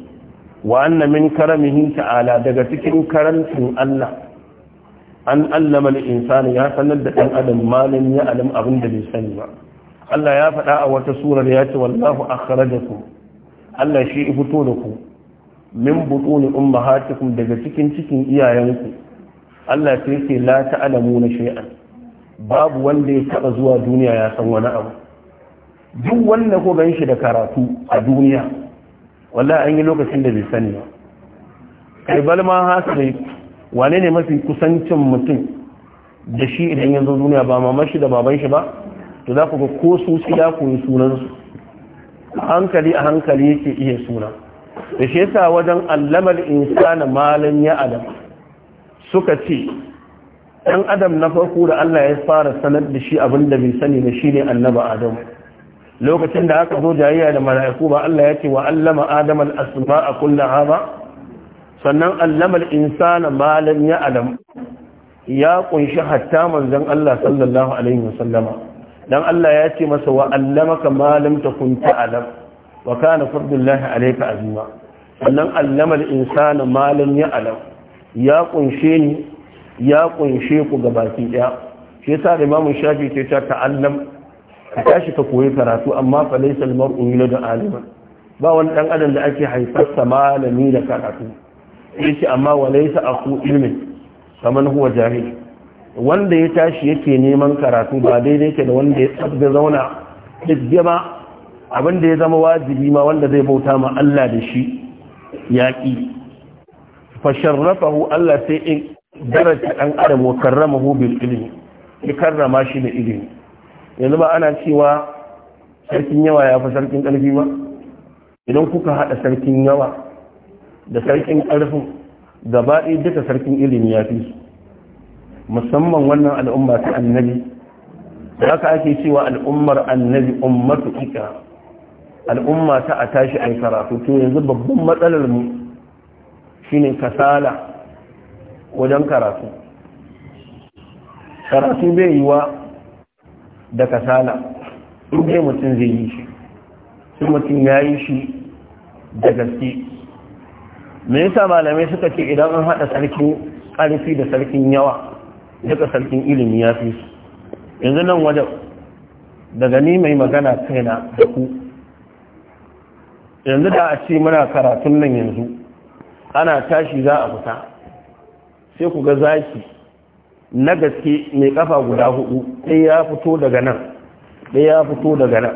wa anna min karamihi ta'ala daga cikin karancin Allah an allama al insani ya sanar da ɗan adam malin ya alam abin da bai sani ba Allah ya faɗa a wata surar ya ce wallahu ku." Allah shi fito da ku min butuni ummahatikum daga cikin cikin iyayenku Allah sai ce la na shay'an babu wanda ya taba zuwa duniya ya san wani abu duk wanda ko gan shi da karatu a duniya wallahi an yi lokacin da bai sani ba kai balma hasari wane ne mafi kusancin mutum da shi idan yanzu duniya ba mamashi da baban shi ba to za ku ga ko su su ya koyi sunansu a hankali a hankali yake iya suna da shi yasa wajen allamar insana malam ya adam suka ce ɗan adam na farko da Allah ya fara sanar da shi abin da bai sani da shi ne annaba Adamu. lokacin da aka zo jayayya da mala'iku ba Allah ya ce wa allama adam al a kulla ha ba sannan allama al-insana ma Adam ya kunshi hatta manzon Allah sallallahu alaihi wasallama dan Allah ya ce masa wa allamaka ma lam takun ta'lam wa kana fadlullahi alayka azima sannan allama al-insana ma lam ya'lam ya kunshe ni ya kunshe ku ga baki daya shi yasa imamu shafi ce ta ta'allam ka tashi ka koyi karatu amma fa laysa al-mar'u da alima ba wani dan adam da ake haifar haifarsa malami da karatu yace amma wa laysa aku ilmi kaman huwa jahil wanda ya tashi yake neman karatu ba daidai yake da wanda ya tsabga zauna hijjama abin da ya zama wajibi ma wanda zai bauta ma Allah da shi yaƙi fasharrafahu Allah sai in daraja dan adam wa karramahu bil ilmi ya karrama shi da ilimi yanzu ba ana cewa sarkin yawa ya fi sarkin ƙarfi ba idan kuka haɗa sarkin yawa da sarkin ƙarfin gaba ɗaya duka sarkin ilimi ya fi musamman wannan al'umma ta annabi da haka ake cewa al'ummar annabi ummatu ika al'umma ta a tashi a karatu to yanzu babban matsalar mu shine kasala wajen karatu karatu bai yi wa da kasala inda mutum zai yi shi su mutum ya yi shi da gaske me yasa malamai suka ce idan an haɗa sarkin ƙarfi da sarkin yawa duka sarkin ilimi ya fi su yanzu nan wajen daga ni mai magana kaina da ku yanzu da a ce muna karatun nan yanzu ana tashi za a fita sai ku ga zaki na gaske mai kafa guda hudu ɗaya ya fito daga nan ɗaya ya fito daga nan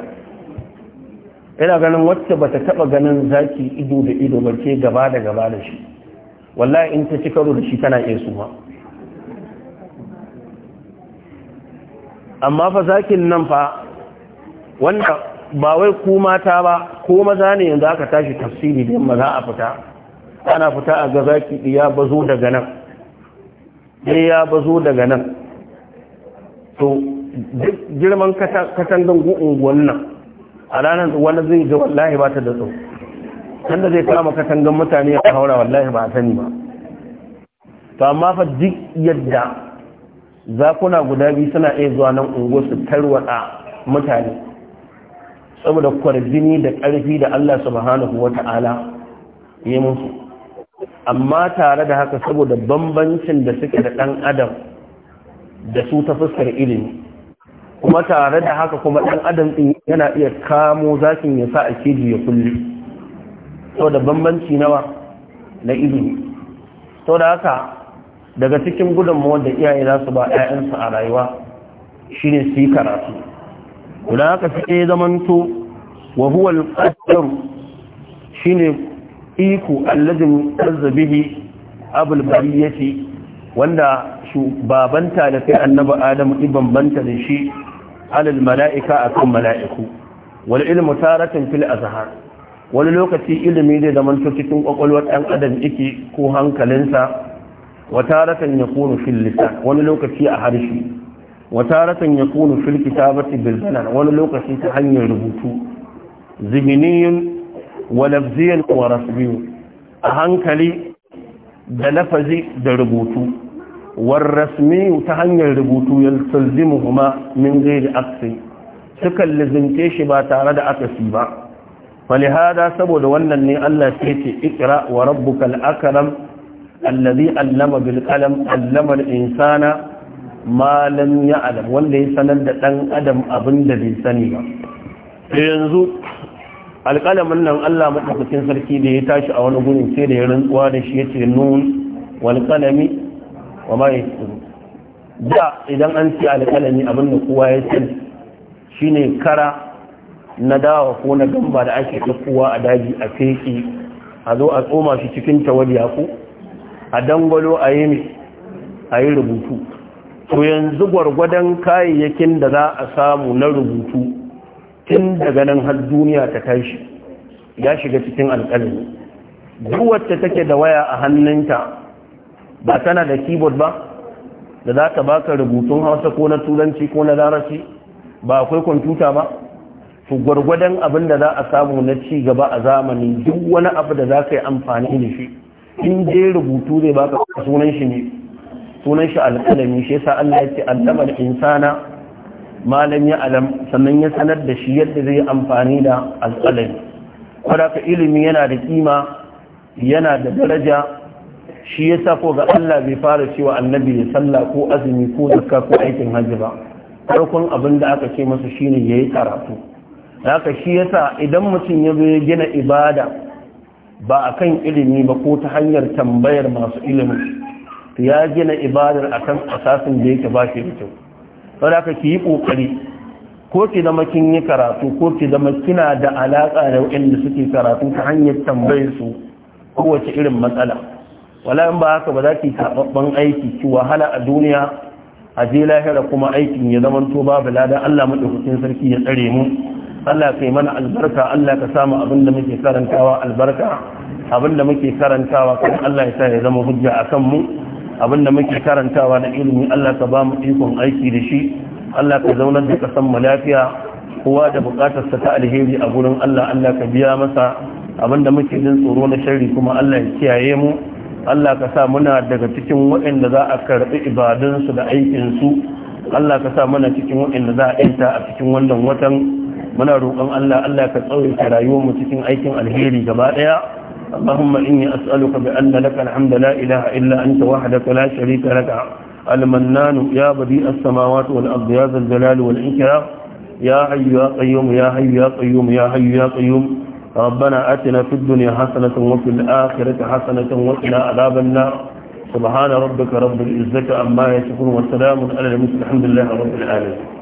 ina ganin wacce ba ta taɓa ganin zaki ido da ido ba gaba da gaba da shi wallahi in ta ci karo da shi tana iya suma amma fa zakin nan fa wanda ba wai ku mata ba ko maza ne yanzu aka tashi tafsiri da maza a fita ana fita a ga zaki ya bazo daga nan sai ya bazo daga nan to girman katangan unguwan nan a ranar wani zai ga wallahi ba ta da tsau zai kama katangan mutane a haura wallahi ba a sani ba to amma fa duk yadda zakuna guda biyu suna iya zuwa nan unguwa su tarwatsa mutane saboda kwarjini da karfi da Allah subhanahu wa ta'ala ya musu amma tare da haka saboda bambancin da suke da ɗan adam da su ta fuskar ilimi kuma tare da haka kuma ɗan adam ɗin yana iya kamo zakin ya sa a keji ya kulle saboda bambanci nawa na ilimi saboda haka daga cikin gudunmawar da iyaye za su ba 'ya'yansu a rayuwa shine su yi karatu guda haka zamanto wa huwa al shine iku alladin azzabihi abul bariyati wanda babanta da kai annabi adam ibn banta da shi alal mala'ika akan mala'iku wal ilmu taratan fil azhar wani lokaci ilimi zai zaman cikin kwakwalwar ɗan adam yake ko hankalinsa wata ratan ya kunu fil lisan wani lokaci a harshe wata ratan ya kunu fil kitabati bil wani lokaci ta hanyar rubutu zihiniyun wa lafziyan rasmiyu a hankali da lafazi da rubutu war rasmiyu ta hanyar rubutu yaltazimu kuma min ghairi aksi sukan lizince shi ba tare da akasi ba فلهذا saboda wannan ne Allah sai ce ikra wa rabbukal akram alladhi allama bilkalam qalam allama al insana ma lam wanda ya sanar da dan adam abin da bai sani ba yanzu alƙalamin nan Allah maɗaukakin sarki da ya tashi a wani gurin sai da ya rantsuwa da shi ya ce nun walƙalami wa ma ce da idan an ce alƙalami abin da kowa ya shi ne kara na dawa ko na gamba da ake ɗaukowa a daji a feƙi a zo a tsoma shi cikin tawadiya ko a dangwalo a yi a yi rubutu to yanzu gwargwadon kayayyakin da za a samu na rubutu tun daga nan har duniya ta tashi ya shiga cikin alƙalmi duk wacce take da waya a hannunta ba tana da keyboard ba da za ta baka rubutun hausa ko na turanci ko na larashi ba akwai kwamfuta ba to gwargwadon abin da za a samu na ci gaba a zamani duk wani abu da za ka yi amfani da shi in je rubutu zai baka sunan shi ne sunan shi alƙalami shi yasa Allah ya ce allama insana malam ya alam sannan ya sanar da shi yadda zai amfani da alƙalami kwadaka ilimi yana da kima yana da daraja shi ya sako ga Allah bai fara cewa annabi ya sallah ko azumi ko zakka ko aikin hajji ba farkon abin da aka ce masa shine yayi karatu haka shi yasa idan mutum ya zo gina ibada ba a kan ilimi ba ko ta hanyar tambayar masu ilimi ya gina ibadar a kan asasin da yake ba shi da kyau sau da ki yi ƙoƙari ko ki zama kin yi karatu ko ki zama kina da alaƙa da waɗanda suke karatu ta hanyar tambayar su kowace irin matsala wala in ba haka ba za ki karɓaɓɓen aiki ki wahala a duniya a je lahira kuma aikin ya zama to babu lada Allah madaukakin sarki ya tsare mu Allah kai mana albarka Allah ka samu abin da muke karantawa albarka abin da muke karantawa kan Allah ya sa ya zama hujja akan mu abinda muke karantawa na ilimi Allah ka ba mu ikon aiki da shi Allah ka zaunar da kasan mu lafiya kowa da bukatarsa ta alheri a gurin Allah Allah ka biya masa abinda muke jin tsoro na sharri kuma Allah ya kiyaye mu Allah ka sa muna daga cikin waɗanda za a karɓi ibadunsu da aikinsu Allah ka sa muna cikin waɗanda za a yanta a cikin wannan watan muna roƙon Allah Allah ka tsawaita rayuwarmu cikin aikin alheri gaba ɗaya اللهم إني أسألك بأن لك الحمد لا إله إلا أنت وحدك لا شريك لك المنان يا بديء السماوات والأرض يا ذا الجلال والإكرام يا حي يا قيوم يا حي يا قيوم يا حي يا قيوم ربنا آتنا في الدنيا حسنة وفي الآخرة حسنة وقنا عذاب النار سبحان ربك رب العزة عما يصفون وسلام على المسلم الحمد لله رب العالمين